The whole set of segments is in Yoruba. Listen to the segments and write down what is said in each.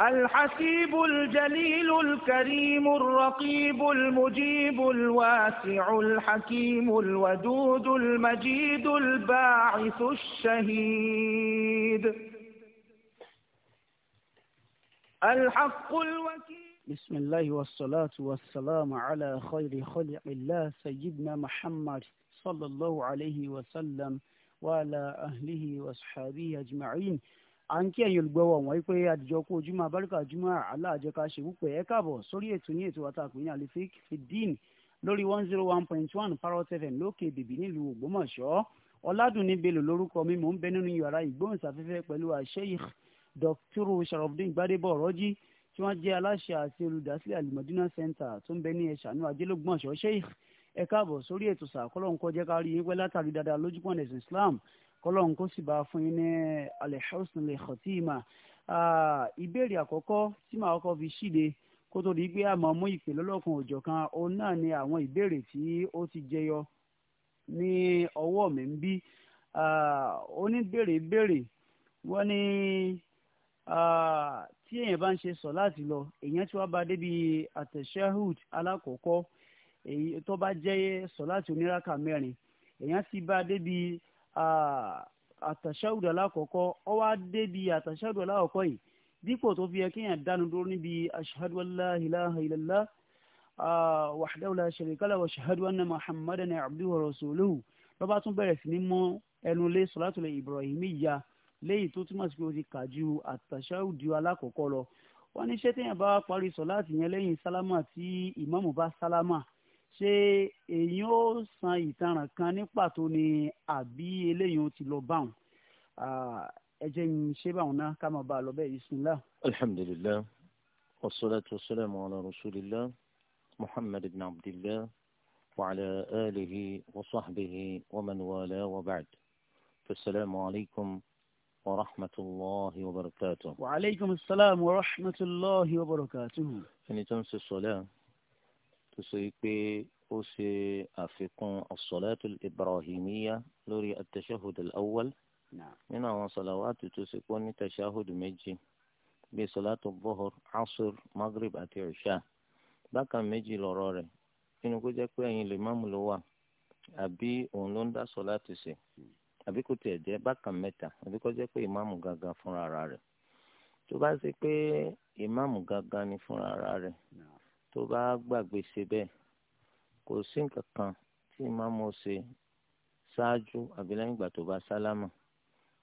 الحسيب الجليل الكريم الرقيب المجيب الواسع الحكيم الودود المجيد الباعث الشهيد الحق الوكيل بسم الله والصلاة والسلام على خير خلق الله سيدنا محمد صلى الله عليه وسلم وعلى أهله وصحابه أجمعين à ń kí ẹ̀yin olùgbọ́wọ́ wọ́n pé àdìjọ kú ojúmọ́ abáríkà júmọ́ aláàjẹká ṣèwúpẹ́ ẹ káàbọ̀ sórí ètò yín ètò àtàkùn ní alifik fidin lórí one zero one point one parrot fm lókè bèbí nílùú ògbómọ̀ṣọ́ ọ̀làdùnní belò lórúkọ mi mò ń bẹ nínú yàrá ìgbóhùnsáfẹ́fẹ́ pẹ̀lú sheikh dr sharafdin gbadebo ọ̀rọ́jì tí wọ́n jẹ́ aláṣẹ àti olùdásílẹ̀ alimọ̀dínà center tó ń bẹ ní ẹ̀ṣánú ajélógbọ̀nsọ̀ sheikh ẹ káàbọ̀ sórí ètò sàkọ́lọ́ ńkọjẹ́ kárí yín pẹ́ látàrí dáadáa lójúpọ̀ islam kọ́lọ́n kó sì bá a fún yín ní alẹ́hùsùn lè khatima ìbéèrè àkọ́kọ́ tí màá kọ́ fi ṣíde kó tó di pé àmọ́ mú ìpè lọ́lọ́kan òjọ̀ kan òun náà ni àwọn ìbéèrè tí ó ti jẹyọ ní ọwọ́ mi ń bí oníbèrè béèrè wọ́n ní tí èèyàn bá ń ṣe sọ láti lọ èèyàn tí wàá bá débi àtẹ̀ṣẹ́hùd alákọ̀ọ́kọ́ èyí tó bá jẹ́ sọ láti oníraka mẹ́rin èèyàn sì bá débi àtàṣàwùdù alákọ̀ọ́kọ́ ọ wá débi àtàṣàwùdù alákọ̀ọ́kọ́ yìí dípò tó fi yẹ kéèyàn dánu dúró níbi ashhadu an la ilaha illallah wahdahu la sharika lahu wa ashhadu anna muhammadan abduhu wa lọ́ba tún bẹ̀rẹ̀ sí ní mọ́ ẹnu lé sọ́látù lè ibrahimiyya léyìí tó túmọ̀ sí pé ó ti kà ju àtàṣàwùdù alákọ̀ọ́kọ́ lọ wọ́n ní ṣé téèyàn bá parí sọ́látù yẹn lẹ́yìn sálámà tí ìmáàmù bá sálámà ṣé èyí ó san ìtanràn kan ní pàtó ni àbí eléyìí ó ti lọ báwọn ah, ẹ jẹ́ ń ṣe báwọn náà ká máa bá a lọ bẹ́ẹ̀ bismillah. alhamdulilayi wasalaatu wasalaamu ala rasulillah muhammad ibn abdillah wa ala alihi wa sahbihi wa man wala wa ba'd fasalaamu alaykum wa rahmatulahi wa barakatuh. wa aleykum salaam wa rahmatulahi wa barakatuh. ẹni tó ń ṣe sọlá tó sọ pé ó ṣe àfikún as-salatu al-ibrahimiyya lórí at-tashahhud al-awwal nínú àwọn sọ̀làwátì tó ṣe pé ó ní tashahhud méjì bíi sọ̀látù bọ́hùr asur maghrib àti isha bákan méjì lọ́rọ̀ rẹ̀ nínú kó jẹ́ pé ẹ̀yin lè máàmù ló wà àbí òun ló ń dá sọ̀látì ṣe hmm. àbí kò tiẹ̀ jẹ́ bákan mẹ́ta àbí kó jẹ́ pé ìmáàmù gangan gangan ni fúnra rẹ̀ tó bá gbàgbé ṣe bẹ́ẹ̀ kò sí nǹkan kan tí ìmáàmù ṣe ṣáájú àbí lẹ́yìn ìgbà tó bá sálámà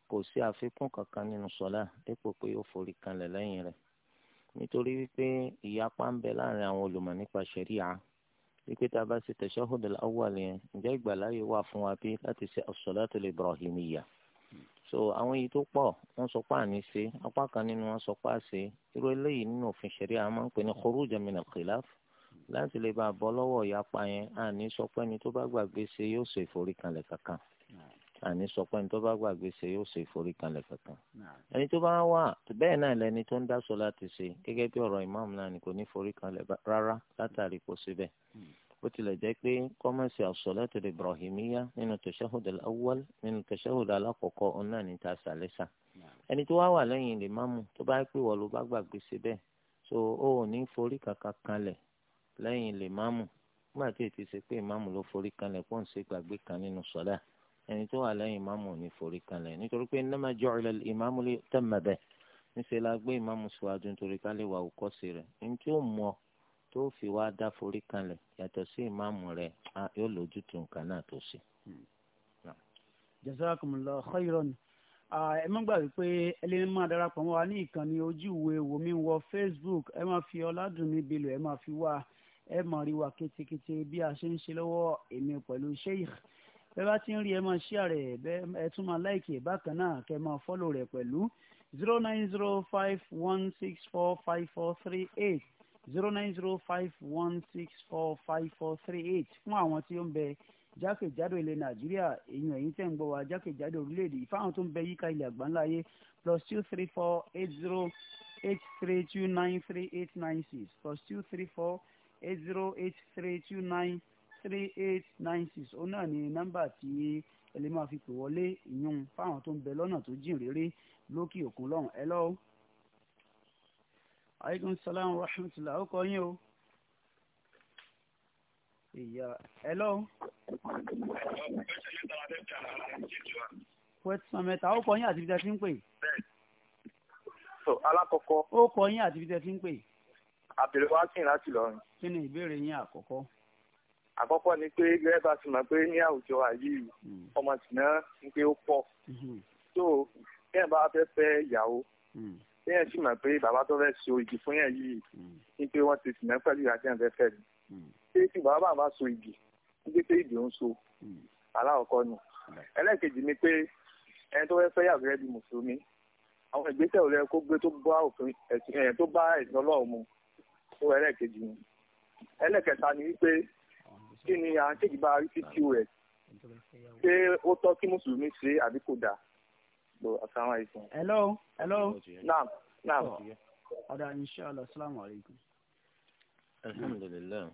kò sí àfikún kankan nínú sọlá dípò pé ó forí kanlẹ̀ lẹ́yìn rẹ̀ nítorí wípé ìyapa ń bẹ láàrin àwọn olùmọ̀ nípa ṣẹ̀ríà wípé tá a bá ṣe tashahhud al-awwal yẹn ǹjẹ́ ìgbàláyè wà fún wa bí láti ṣe as-salatul ibrahimiyya so àwọn èyí tó pọ̀ wọ́n sọ pé àní ṣe apá kan nínú wọn sọ pé àṣe irú eléyìí nínú òfin ṣẹ̀ríà a máa ń pè ní khurujan min al láti lè bá a bọ́ lọ́wọ́ ìyapa yẹn àní sọ pé ẹni tó bá gbàgbé ṣe yóò ṣe ìforíkanlẹ̀ kankan àní sọ pé ẹni tó bá gbàgbé ṣe yóò ṣe ìforíkanlẹ̀ kankan ẹni tó bá wà bẹ́ẹ̀ náà lẹni tó ń dá láti ṣe gẹ́gẹ́ bí ọ̀rọ̀ ìmáàmù náà bó tilẹ̀ jẹ́ pé kọ́mọ̀sì àṣọlẹ́tò ibrahimiya nínú tẹ̀sẹ̀hùdà awọ́l nínú tẹ̀sẹ̀hùdà alákọ̀ọ́kọ́ ọ̀nà ní ta sàlẹ́sà ẹni tó wá wà lẹ́yìn lè máàmù tó bá pè wọ́n ló bá gbàgbé ṣe bẹ́ẹ̀ so ó ò ní forí kankan kanlẹ̀ lẹ́yìn lè máàmù nígbà tí ètí ṣe pé ìmáàmù ló forí kanlẹ̀ pọ́n ṣe gbàgbé kan nínú sọ́lá ẹni tó wà lẹ́yìn ìmáàmù ò ní forí kanlẹ̀ nítorí pé innama ju'ila al-imamu li yu'tamma bihi níṣẹ́ la gbé ìmáàmù síwájú nítorí ká òkọ́sí rẹ̀ ní tí ó mú ọ tó fi wá dá forí kanlẹ̀ yàtọ̀ sí ìmáàmù rẹ̀ yóò lójútu nǹkan náà tó ṣe. Hmm. jazakumullahu khairan ẹ má gbàgbé pé ẹ máa darapọ̀ mọ́ wa ní ìkànnì ojú ìwé wòmí wọ facebook ẹ máa fi ọ̀làdùnní belò ẹ máa fi wá ẹ máa rí wa kétékété bí a ṣe ń ṣe lọ́wọ́ èmi pẹ̀lú sheikh bẹ́ẹ̀ bá ti ń rí ẹ máa share rẹ̀ ẹ tún máa like ẹ̀ e bákan náà kẹ́ máa follow rẹ̀ pẹ̀lú zero nine zero five one six four five four three eight zero nine zero five one six four five four three eight fún àwọn tí ó ń bẹ jákèjádò ilẹ̀ nàìjíríà èyàn èyí tẹ̀ ń gbọ́ wa jákèjádò orílẹ̀-èdè ìfáwọn tó ń bẹ yíká ilẹ̀ àgbáńlá ayé plus two three four eight zero eight three two nine three eight nine six plus two three four eight zero eight three two nine three eight nine six òun náà ni nọ́mbà tí ẹ lè máa fi pè wọlé ìyún fáwọn tó ń bẹ lọ́nà tó jìn réré lókè òkun lọ́hùn ẹ lọ́wọ́ aleykum salaam wa rahmatulah ó kọ yín o. ìyá hello. pẹ̀sán mẹ́ta ó kọ yín àti ibi tẹ́ ti ń pè. so alákọ̀ọ́kọ́. ó kọ yín àti ibi tẹ́ ti ń pè. àbẹ̀rẹ̀ wá sí láti lọrin. kí ni ìbéèrè yín àkọ́kọ́. àkọ́kọ́ ni pé gẹ́gẹ́ bá ti mọ̀ pé ní àwùjọ àyè hmm. ọmọ tìǹà ń pé ó pọ̀. Hmm. so bí ẹ̀ bá fẹ́ fẹ́ ìyàwó hmm yẹn sì mọ̀ pé bàbá tó fẹ́ so igi fún yẹn yìí hmm. ní pé wọ́n ti sìn mẹ́ pẹ̀lú ìyá tí yẹn fẹ́ fẹ́ ni hmm. ṣé tí bàbá bàbá so igi ní pé pé ìdè ń so hmm. aláwọ̀kọ́ nù ẹlẹ́ẹ̀kejì ni pé ẹni tó fẹ́ fẹ́ yàgò rẹ di mùsùlùmí àwọn ìgbésẹ̀ òun yẹ kó gbé tó bá òfin ẹ̀sìn ẹ̀yẹn tó bá ẹ̀sìn ọlọ́run mu tó ẹlẹ́ẹ̀kejì ni ẹlẹ́ẹ̀kẹta ni wípé kí ni à ń tèjì bá rí sí pos ṣé ó tọ́ kí mùsùlùmí ṣe àbí kò dáa so asalaamualeykum. hello hello. naam naam. ọ̀dà inṣàlá asalaamualeykum. alhamdulilayi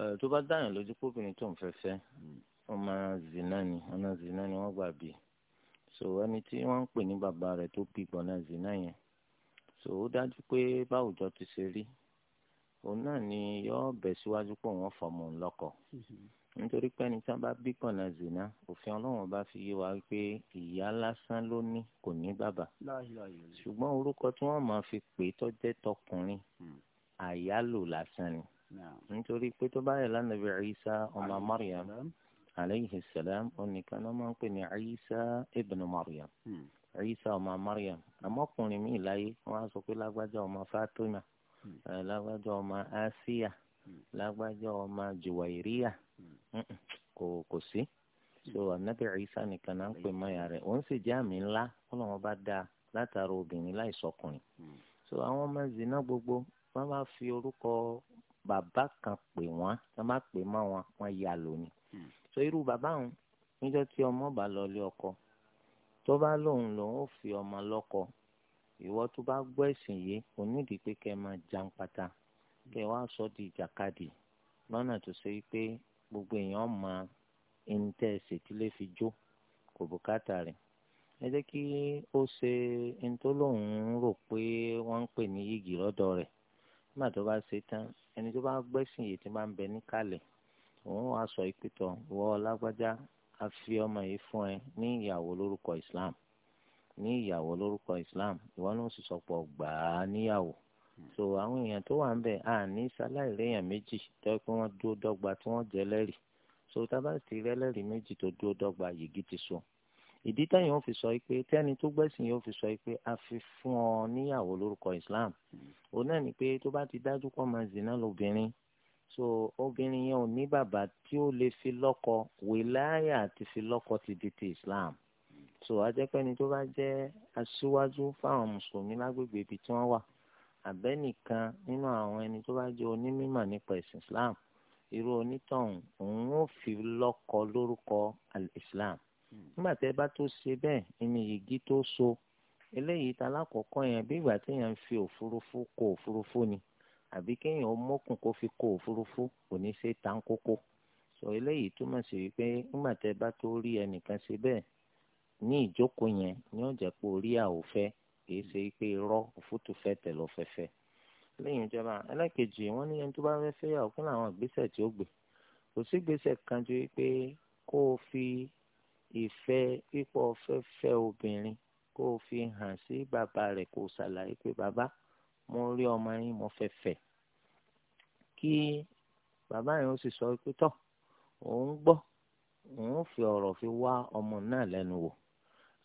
eh, tó bá dáyàn lójú pópinrin tó ń fẹ́ fẹ́ ọmọ zina ni ọmọ zina ni wọ́n gbà bí so ẹni tí wọ́n ń pè ní bàbá rẹ̀ tó bí gbọ̀nà zina yẹn so ó dájú pé báwùjọ ti ṣe rí òun náà ni yọ́ọ́ bẹ̀ síwájú pé òun fọmọ òun lọ́kọ mm-hmm nítorí pé ẹni tí wọn bá bí pọnà zina òfin Ọlọ́run bá fi yé wa pé ìyá lásán ló ní kò ní bàbá ṣùgbọ́n orúkọ tí wọn máa fi pè tọjẹ tọkùnrin hmm. àyálò lásán ni nítorí pé tó bá yẹ lánàbẹ Isa ọmọ Maryam aleyhi salam onìkan náà máa ń pè ní Isa ibn Maryam Isa hmm. ọmọ Maryam àmọkùnrin mi láyé wọn á sọ pé lágbájá ọmọ Fatima hmm. eh, lágbájá ọmọ Asiya lágbájá ọmọ Juwairiya kò kò sí so anabi isa nìkan náà ń pè mọ́yà rẹ̀ òun sì jẹ́ àmì ńlá ọlọ́run bá dáa látara obìnrin láìsọkùnrin so àwọn ọmọ zina gbogbo wọn bá fi orúkọ bàbá kan pè wọn wọn bá pè mọ́ wọn wọn yà lónìí so irú bàbá òun níjọ́ tí ọmọ bá lọ lé ọkọ tó bá lóun lòun ó fi ọmọ lọ́kọ ìwọ tó bá gbọ́ ẹ̀sìn yìí kò nídìí pé kẹ́ ẹ máa jàǹpátá kẹ́ ẹ wá sọ di ìjàkadì lọ́nà tó ṣe pé gbogbo èèyàn mọ ẹni tẹ́ ẹ ṣètìlẹ́ fi jó kò bùkátà rẹ̀ ẹ jẹ́ kí ó ṣe ẹni tó lóun rò pé wọ́n ń pè ní yìgì lọ́dọ̀ rẹ̀ nígbà tó bá ṣe tán ẹni tó bá gbẹ́sìn yìí ti máa ń bẹ níkàlẹ̀ òun wàá sọ ìpìtọ̀ wọ lágbájá a fi ọmọ yìí fún ẹ ní ìyàwó lórúkọ Islam ní ìyàwó lórúkọ Islam ìwọ ló sì sọpọ̀ gbà á níyàwó so àwọn èèyàn tó wà ń bẹ̀ à ní sáláì léèyàn méjì tó yẹ pé wọ́n tí wọ́n jẹ́ lẹ́rìí so tábà ti rẹ́lẹ́rìí méjì tó dúró dọ́gba yìí ti so ìdí táyà ó fi sọ pé tẹ́ni tó gbẹ̀sìn yóò fi sọ pé a fi fún ọ níyàwó lórúkọ Islam òun náà ni pé tó bá ti dájú pọ̀ máa zina lóbìnrin so obìnrin yẹn ò ní bàbá tí ó lè fi lọ́kọ wìláyà àti fi lọ́kọ ti di ti Islam so ajẹ́pẹ́ni tó bá jẹ́ aṣíwájú fáwọn mùsùlùmí lágbègbè ibi tí wọ́n wà àbẹ́nìkan nínú àwọn ẹni tó bá jẹ́ onímọ̀ nípa ẹ̀sìn islam irú onítọ̀hún òun ó fi lọ́kọ lórúkọ islam hmm. nígbà tẹ́ bá tó ṣe bẹ́ẹ̀ ni yìgì tó so eléyìí ta lákọ̀ọ́kọ́ yẹn bí ìgbà téèyàn ń fi òfurufú kó òfurufú ni àbí kéèyàn ó mókùn kó fi kó òfurufú kò ní ṣe tá kókó sọ eléyìí túmọ̀ sí wípé nígbà tẹ́ bá tó rí ẹnìkan ṣe bẹ́ẹ̀ ní ìjókòó yẹn ni ó jẹ́ pé orí àwòfẹ́ kìí ṣe pé irọ́ òfútù fẹ́ tẹ̀ lọ fẹ́fẹ́ lẹ́yìn ìjọba ẹlẹ́kejì wọ́n ní ẹni tó bá fẹ́ fẹ́ yà òkú làwọn ìgbésẹ̀ tí ó gbé kò sí ìgbésẹ̀ kan ju pé kó o fi ìfẹ́ pípọ̀ fẹ́fẹ́ obìnrin kó o fi hàn sí bàbá rẹ̀ kó o ṣàlàyé pé bàbá mo rí ọmọ yín mo fẹ́ fẹ́ kí bàbá yẹn ó sì sọ pé tọ́ òun gbọ́ òun fi ọ̀rọ̀ fi wá ọmọ náà lẹ́nu wò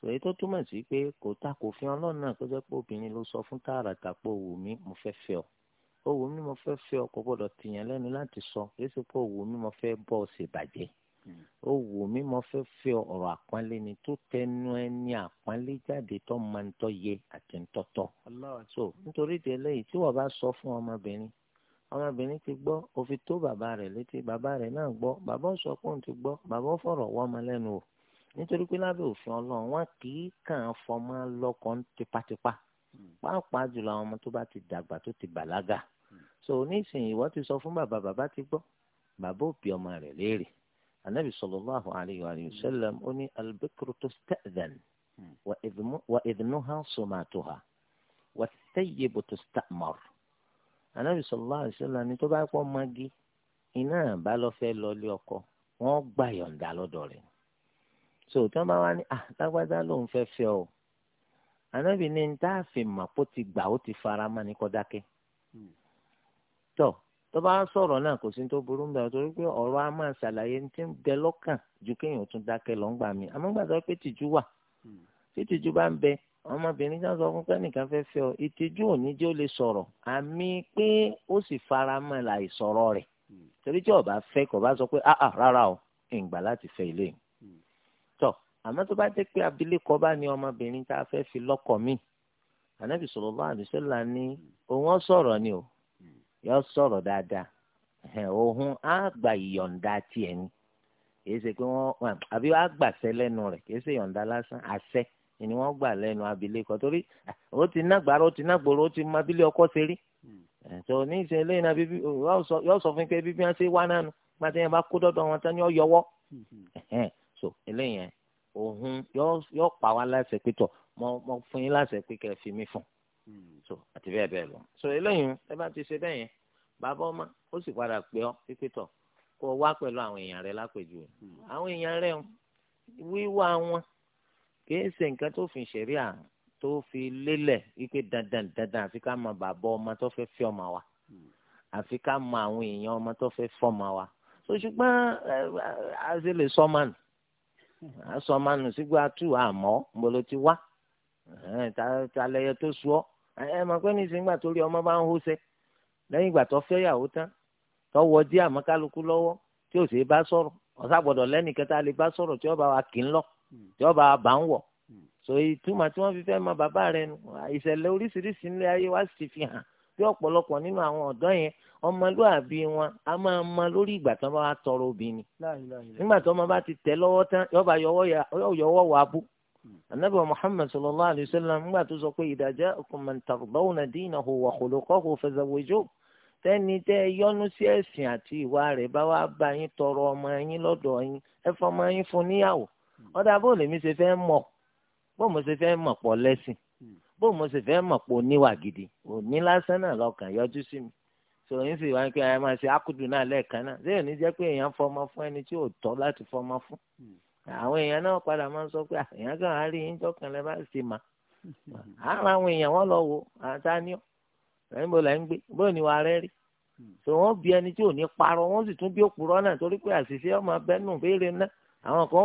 èyí tó túmọ̀ sí pé kò ta kò fi ọlọ́run náà tó jẹ́ pé obìnrin ló sọ fún tààràtà pé ó wù mo fẹ́ fẹ́ ọ ó mo fẹ́ fẹ́ ọ kò gbọ́dọ̀ tìyàn lẹ́nu láti sọ kì í ṣe pé mo fẹ́ bọ́ ọ sì bàjẹ́ ó hmm. mo fẹ́ fẹ́ ọ̀rọ̀ àpọ́nlé ni tó tẹnu ẹni àpọ́nlé jáde tó máa ń so nítorí nítorí pé lábẹ́ òfin ọlọ́run wọn kì í kàn án fọmọ lọ́kàn tipátipá pàápàá jùlọ àwọn ọmọ tó bá ti dàgbà tó ti bàlágà so nísìnyí wọ́n ti sọ fún bàbá bàbá ti gbọ́ bàbá òbí ọmọ rẹ̀ léèrè anabi sallallahu alayhi wa sallam ó ní albikru tusta'dhan wa idhnuha sumatuha wa thayyibu tusta'mar anabi sallallahu alayhi wa sallam ni tó bá pọ̀ magi iná bá lọ ọkọ wọ́n gbà yọ̀ǹda lọ́dọ̀ rẹ̀ ni so tí wọ́n bá wá ní ah lágbájá lòun fẹ́ fẹ́ o ànábì ní ní tá a fi mà kó ti gbà ó ti fara mọ́ ní kó dákẹ́ hmm. tó tó bá sọ̀rọ̀ náà kò sí tó burú nígbà tó rí pé ọ̀rọ̀ á máa ṣàlàyé ní tí ń bẹ lọ́kàn ju kéèyàn tún dákẹ́ lọ́ ń gbà mí àmọ́ gbà pé tìjú wà hmm. tí tìjú bá ń bẹ ọmọbìnrin kan sọ fún kẹ́nìkan fẹ́ fẹ́ ọ ìtìjú òní jẹ́ ó lè sọ̀rọ̀ àmì pé ó sì fara mọ́ láì rẹ̀ hmm. torí tí ó fẹ́ kó bá sọ pé ah ah rárá o ìgbà láti fẹ́ ilé yìí àmọ́ tó bá jẹ́ pé abilékọ bá ní ọmọbìnrin tá a fẹ́ fi lọ́kọ mi ànábì sallallahu alaihi wasallam ní òun sọ̀rọ̀ ni o yọ sọ̀rọ̀ dáadáa òun á gba ìyọ̀ǹda tiẹ̀ ni kì í ṣe pé wọ́n àbí wọ́n á gbàṣẹ lẹ́nu rẹ̀ kì í ṣe ìyọ̀ǹda lásán àṣẹ ni wọ́n gbà lẹ́nu abilékọ torí ó ti nágbàrá ó ti nágbòrò ó ti mọ abílé ọkọ ṣe rí tó ní ìṣe lẹ́yìn náà yọ òun yóò pa wá láṣẹ pé tọ̀ mo fún yín láṣẹ pé kẹ́ ẹ fi mí fún hmm. so àti bẹ́ẹ̀ bẹ́ẹ̀ lọ. so eléyìí ẹ bá ti ṣe bẹ́ẹ̀ yẹn bàbá ọmọ ó sì padà pé ọ pípé tọ̀ kó o wá pẹ̀lú àwọn èèyàn rẹ lápèjúwe hmm. àwọn èèyàn rẹ wíwá wọn kìí ṣe nǹkan tó fi ṣẹ̀ríà tó fi lélẹ̀ wípé dandan dandan àfi ká mọ bàbá ọmọ tó fẹ́ fi ọmọ wa hmm. àfi ká mọ àwọn èèyàn ọmọ tó fẹ́ fọmọ wa so ṣùgbọ́n àṣẹ lè sọ mọ́nù asọmanu sígbà tù àmọ́ mbolo ti wá talẹyẹ tó sọ ẹ mọ̀ pé ní ìsìngbà tó rí ọmọ bá ń hóṣẹ lẹ́yìn ìgbà tó fẹ́ yàwó tán tọwọ dí àmọ́ kálukú lọ́wọ́ tí ò sì bá sọ̀rọ̀ ọsàgbọ́dọ̀ lẹnìkẹta lè bá sọ̀rọ̀ tí ọba wa kì í lọ tí ọba wa bá ń wọ hmm. so ìtumọ̀ tí wọ́n fi fẹ́ mọ bàbá rẹ nu ìṣẹ̀lẹ̀ oríṣiríṣi ńlẹ̀ ayé wa sì fi hàn pé ọ̀pọ̀lọpọ̀ nínú àwọn ọ̀dọ́ yẹn ọmọlúàbí wọn a máa ma lórí ìgbà tí wọn bá tọrọ obìnrin nígbà tí wọn bá ti tẹ lọ́wọ́ tán yọba yọwọ́ wà bú anabi muhammed sallallahu alayhi wa sallam nígbà tó sọ pé tẹ́ni tẹ́ sí ẹ̀sìn àti ìwà rẹ̀ tọrọ ọmọ yín lọ́dọ̀ yín ẹ fọmọ yín fún níyàwó ọ̀dà bó lèmi ṣe fẹ́ mọ̀ bó mo bó mo sì fẹ́ mọ̀ pé oníwà gidi òní lásán náà lọ́kàn yọjú sí mi So sì wá pé ẹ máa ṣe ákùdù náà lẹ́ẹ̀kan náà ṣé òní jẹ́ pé èèyàn fọmọ fún ẹni tí ò tọ́ láti fọmọ fún hmm. àwọn èèyàn náà padà máa sọ pé ah, èèyàn kan á rí yín jọ́kan lẹ́ bá ṣe mà hmm. àwọn èèyàn lọ wo bó la ń gbé ni rí hmm. wọn bí ẹni tí ò ní sì tún bí náà torí pé béèrè àwọn kan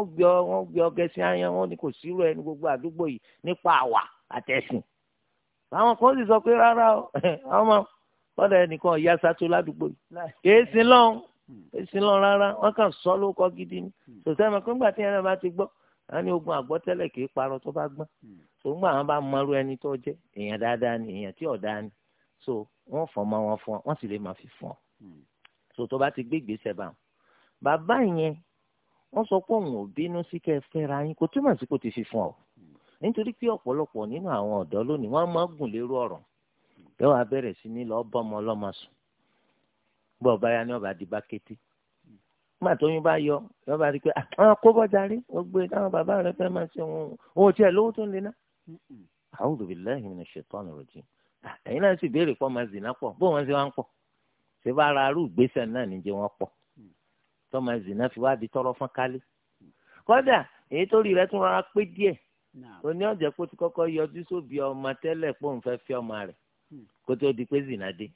wọn àtẹ̀sìn àwọn kan sì sọ pé rárá o àwọn máa kọ́dà ẹnìkan ọ̀ya sátó ládùúgbò yìí kèé sí lọ́n kèé sí lọ́n rárá wọ́n kàn sọ ló kọ́ gidi ni sòtẹ́ mi pé ńgbà tí ẹ̀rọ bá ti gbọ́ àwọn ní ogun àgbọ́tẹ́lẹ̀ kìí parọ́ tó bá gbọ́n tó ń gbà wọn bá mọrú ẹni tó jẹ́ èèyàn dáadáa ni èèyàn tí ọ̀dá ni so wọ́n fọ́n mọ́ wọn fún ọ wọ́n sì lè máa fi fún ọ so tó bá ti gbé ìgbésẹ̀ bá wọn. bàbá yẹn wọ́n sọ pé òun ò bínú sí kẹ́ fẹ́ra yín kò túmọ̀ sí kò ti fi fún ọ nítorí pé ọ̀pọ̀lọpọ̀ nínú àwọn ọ̀dọ́ lónìí wọ́n máa gùn lérú ọ̀rọ̀ bẹ́ẹ̀ wàá bẹ̀rẹ̀ sí ní lọ́ọ́ bọ́mọ ọlọ́mọ sùn bọ́ ọba ya ni ọba di bá kété nígbà tó yín bá yọ yọ bá rí i pé àwọn akóbọ̀ darí gbogbo ìdáhùn e, bàbá rẹ fẹ́ máa ṣe òun òun tiẹ̀ lówó tó ń lena. a'udhu billahi minash shaitani rajim ẹ̀yin náà sì béèrè pọ̀ máa zìnà pọ̀ bó wọn ṣe wá pọ̀ ṣé bá ara arú ìgbésẹ̀ náà níjẹ́ wọn pọ̀ tó máa zìnà fi wá di tọrọ fọ́n kálí. kódà èyí tó rí rẹ tún rọra pé díẹ̀ onye ọ̀jẹ̀ kó ti kọ́kọ́ yọjú sóbi ọmọ tẹ́lẹ̀ pé ọmọ rẹ̀ hmm. kó tó di pé zina dé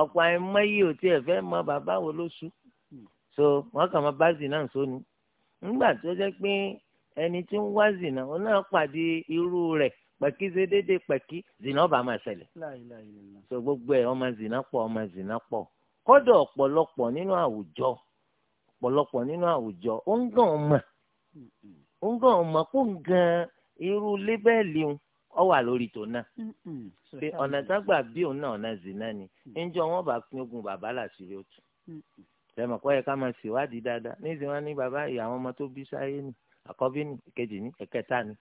ọ̀pọ̀ àìmọye ò tiẹ̀ fẹ́ mọ bàbá wo hmm. so wọ́n kà máa bá zina sóni nígbà tó jẹ́ pé ẹni tí ń wá zina náà pàdé irú rẹ̀ pẹ̀kí ṣe zina ọba máa ṣẹlẹ̀ so gbogbo ẹ̀ ọmọ zina pọ̀ ọmọ zina pọ̀ kọ́dọ̀ ọ̀pọ̀lọpọ̀ nínú àwùjọ ọ̀pọ̀lọpọ̀ nínú àwùjọ ó ń gàn ọmọ hmm, òun gan ọmọ kó ń gan irú lébẹ́ẹ̀lì òun ọ wà lórí tòun náà pé ọ̀nà tágbà bí òun náà ọ̀nà zina ni níjọ́ mm. wọn bá pín ogun bàbá làṣírí òtún tẹmọ kọ́ yẹ ká máa ṣèwádìí dáadáa níṣẹ́ wọn ní bàbá ìyàwó ọmọ tó bí sáyé ni àkọ́bí ni ìkejì ni ẹ̀kẹta ni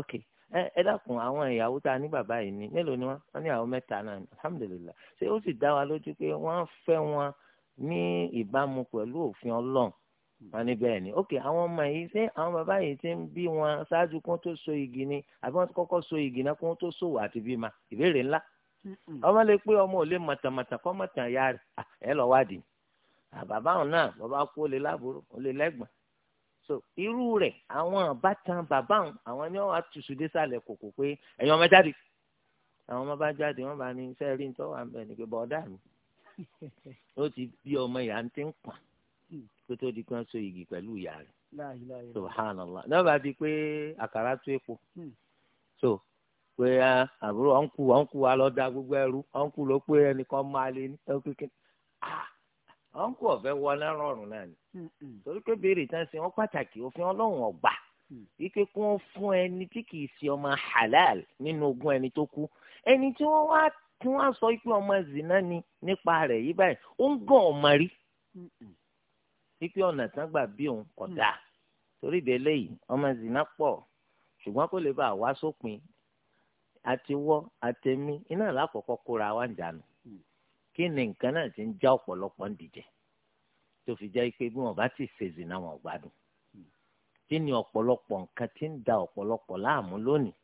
ok ẹ ẹ dákun àwọn ìyàwó tá a ní bàbá yìí ni mélòó ni wọn wọn ní àwọn mẹ́ta náà ni alhamdulilah ṣé ó sì dá wa lójú pé wọ́n fẹ́ wọn ní ìbámu pẹ̀lú òfin Ọlọ́run Hmm. wọn ní bẹ́ẹ̀ ni ok àwọn ọmọ yìí ṣé àwọn bàbá yìí ti ń bí wọn ṣáájú kó tó so igi ni àbí wọn ti kọ́kọ́ so igi náà kó tó sòwò àti bímọ ìbéèrè ńlá hmm. ọmọ lè pé ọmọ ò lè mọ̀tàmọ̀tà kọ́ mọ̀tà ya rẹ̀ ah, ẹ lọ wádìí ah, bàbá òun náà bàbá kú ó lè láàbúrò ó lè lẹ́gbọ̀n so irú rẹ̀ àwọn àbátan bàbá òun àwọn ni wọn wá tùsù dé sàlẹ̀ kòkò pé ẹ̀yin ọmọ jáde àwọn ọmọ bá jáde wọn bá ní sẹ́ẹ̀rì ń tọ́wọ́ àmì ẹ̀ nìkan mi ó ti bí ọmọ ìyá ń ti ń pọ̀n kó tó di kan so igi pẹ̀lú ìyá rẹ̀ subhanallah lọ́ba di pé àkàrà tó epo hmm. so pé àbúrò ọ̀nkù ọ̀nkù wa lọ́ọ́ da gbogbo ẹrú ọ̀nkù ló pé ẹnìkan máa lé ní kékeré ọ̀nkù ọ̀fẹ́ wọlé rọrùn náà ni hmm, hmm. torí pé béèrè tán ṣe wọ́n pàtàkì òfin ọlọ́run ọ̀gbà wípé kí wọ́n fún ẹni tí kì í ṣe ọmọ halal nínú ogún ẹni tó kú ẹni tí wọ́n wá tí wọ́n sọ pé ọmọ zina ni nípa rẹ̀ yí báyìí ó ń gàn ọmọ rí wípé ọ̀nà tán gbà bí òun kódà hmm. torí ìdè eléyìí ọmọ zina pọ̀ ṣùgbọ́n kó lè bá wá sópin àti wọ́ àtẹ̀mí iná lákọ̀ọ́kọ́ kóra wá ń jànú hmm. kí ni nǹkan náà ti ń já ọ̀pọ̀lọpọ̀ ń dìjẹ́ tó fi jẹ́ pé bí wọ́n bá ti ṣe zina wọn ò gbádùn hmm. kí ni ọ̀pọ̀lọpọ̀ nǹkan ti ń da ọ̀pọ̀lọpọ̀ láàmú lónìí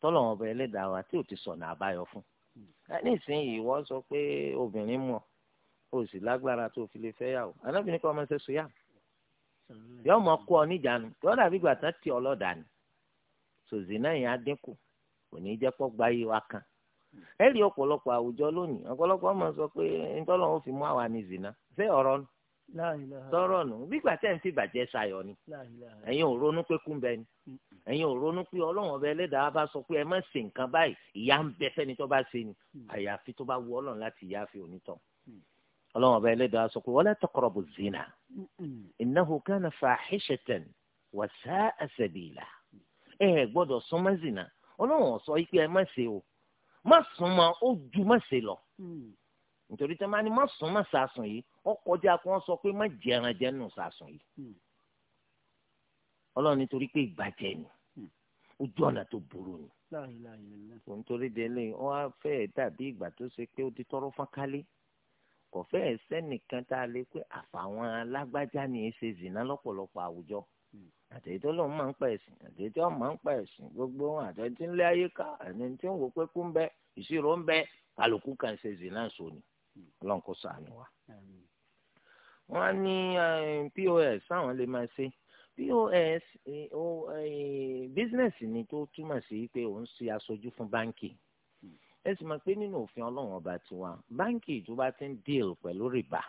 tọ́lọ́wọ́n ọba ẹlẹ́dàá wa tí ò ti sọ̀nà àbáyọ fún. ẹ nísìnyí wọ́n sọ pé obìnrin mọ̀ o sì lágbára tó fi lè fẹ́ yàwó anábìnrin kan máa ṣe sùn yà yóò mọ kó ọ níjànú yóò dàbí ìgbà tán tì ọ ni sòzì náà yẹn á dínkù kò ní í jẹ́ pọ́ gbáyé wa kan ẹ rí ọ̀pọ̀lọpọ̀ àwùjọ lónìí ọ̀pọ̀lọpọ̀ máa sọ pé ntọ́lọ́ wọn fi mú àwa ni zìnà ṣé ọ̀rọ̀ nù tọrọ nù gbígbà tẹ̀ ń fi bàjẹ́ sayọ ni ẹ̀yin ò ronú pé kún bẹ́ẹ̀ ni ẹ̀yin ò ronú pé ọlọ́run ọba ẹlẹ́dàá bá sọ pé ẹ má ṣe nǹkan báyìí ìyá ń bẹ fẹ́ni tó bá ṣe ni mm. àyàfi tó bá wù ọlọ́run láti ìyá fi onítọ̀ ọlọ́wọ́n ọba ẹlẹ́dàá sọ pé wala taqrabu zina innahu kana fahishatan wa sa'a sabila ẹ gbọ́dọ̀ súnmọ́ zina ọlọ́wọ́n sọ pé ẹ má ṣe o má súnmọ́ ó ju má ṣe lọ mm. nítorí tí wọ́n bá ní má súnmọ́ sàásùn yìí ó kọjá kí wọ́n sọ pé má jẹran jẹ́nu sàásùn yìí mm. ọlọ́run nítorí pé ìbàjẹ́ ni mm. ojú ọ̀nà tó burú ni. nítorí délé wọn á fẹ́ dàbí ìgbà tó ṣe pé ó ti tọrọ fọ́nkálé kò fẹ́ẹ̀ sẹ́nìkan tá a lè pé àfàwọn alágbájá ni í ṣe zìnà lọ́pọ̀lọpọ̀ àwùjọ hmm. àtẹ̀yí tó lóun máa ń pa ẹ̀sìn àtẹ̀yí tó máa ń pa ẹ̀sìn gbogbo wọn àtẹ̀yí tí ń lé ayé ká ẹni tí ń wò pé kú ń bẹ ìṣirò ń bẹ kálukú kan ṣe zìnà sóni hmm. ọlọ́run kó ṣàánú wa. wọ́n ní eh, pos sáwọn lè máa ṣe pos eh, eh, business ni tó túmọ̀ sí pé òun ṣe aṣojú fún báńkì ẹ sì máa pé nínú òfin ọlọ́run ọba tiwa báńkì tó bá ti ń deal pẹ̀lú rìbá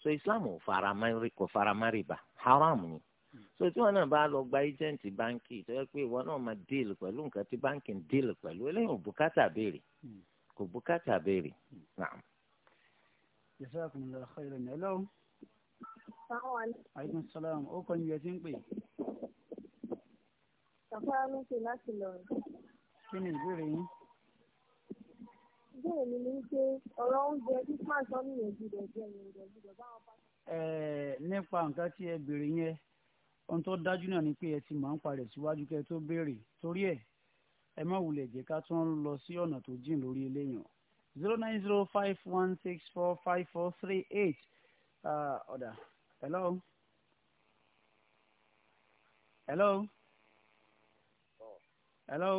so islam ò kò faramá rìbá haram ni so tí wọn náà bá lọ gba agent báńkì tó yẹ pé ìwọ náà máa deal pẹ̀lú nǹkan tí báńkì ń deal pẹ̀lú eléyìí ò bùkátà béèrè kò bùkátà béèrè. jazakumullahu khairan hello. aleykum salaam ó kọ́ ni yẹ ń pè. ṣàfihàn mi kì láti lọ bẹ́ẹ̀ ni mo ń ṣe ọ̀rọ̀ oúnjẹ nípa ìsọ́nù yẹn gbọdọ̀ jẹ́ yẹn gbọdọ̀ bá wọn bá. nípa nǹkan tí ẹ béèrè yẹn ohun tó dájú náà ni pé ẹ ti máa ń parẹ̀ síwájú kẹ́ tó béèrè torí ẹ̀ ẹ má wulẹ̀ jẹ́ ká tún lọ sí ọ̀nà tó jìn lórí eléyàn zero nine zero five one six four five four three eight ọ̀dà hello hello hello.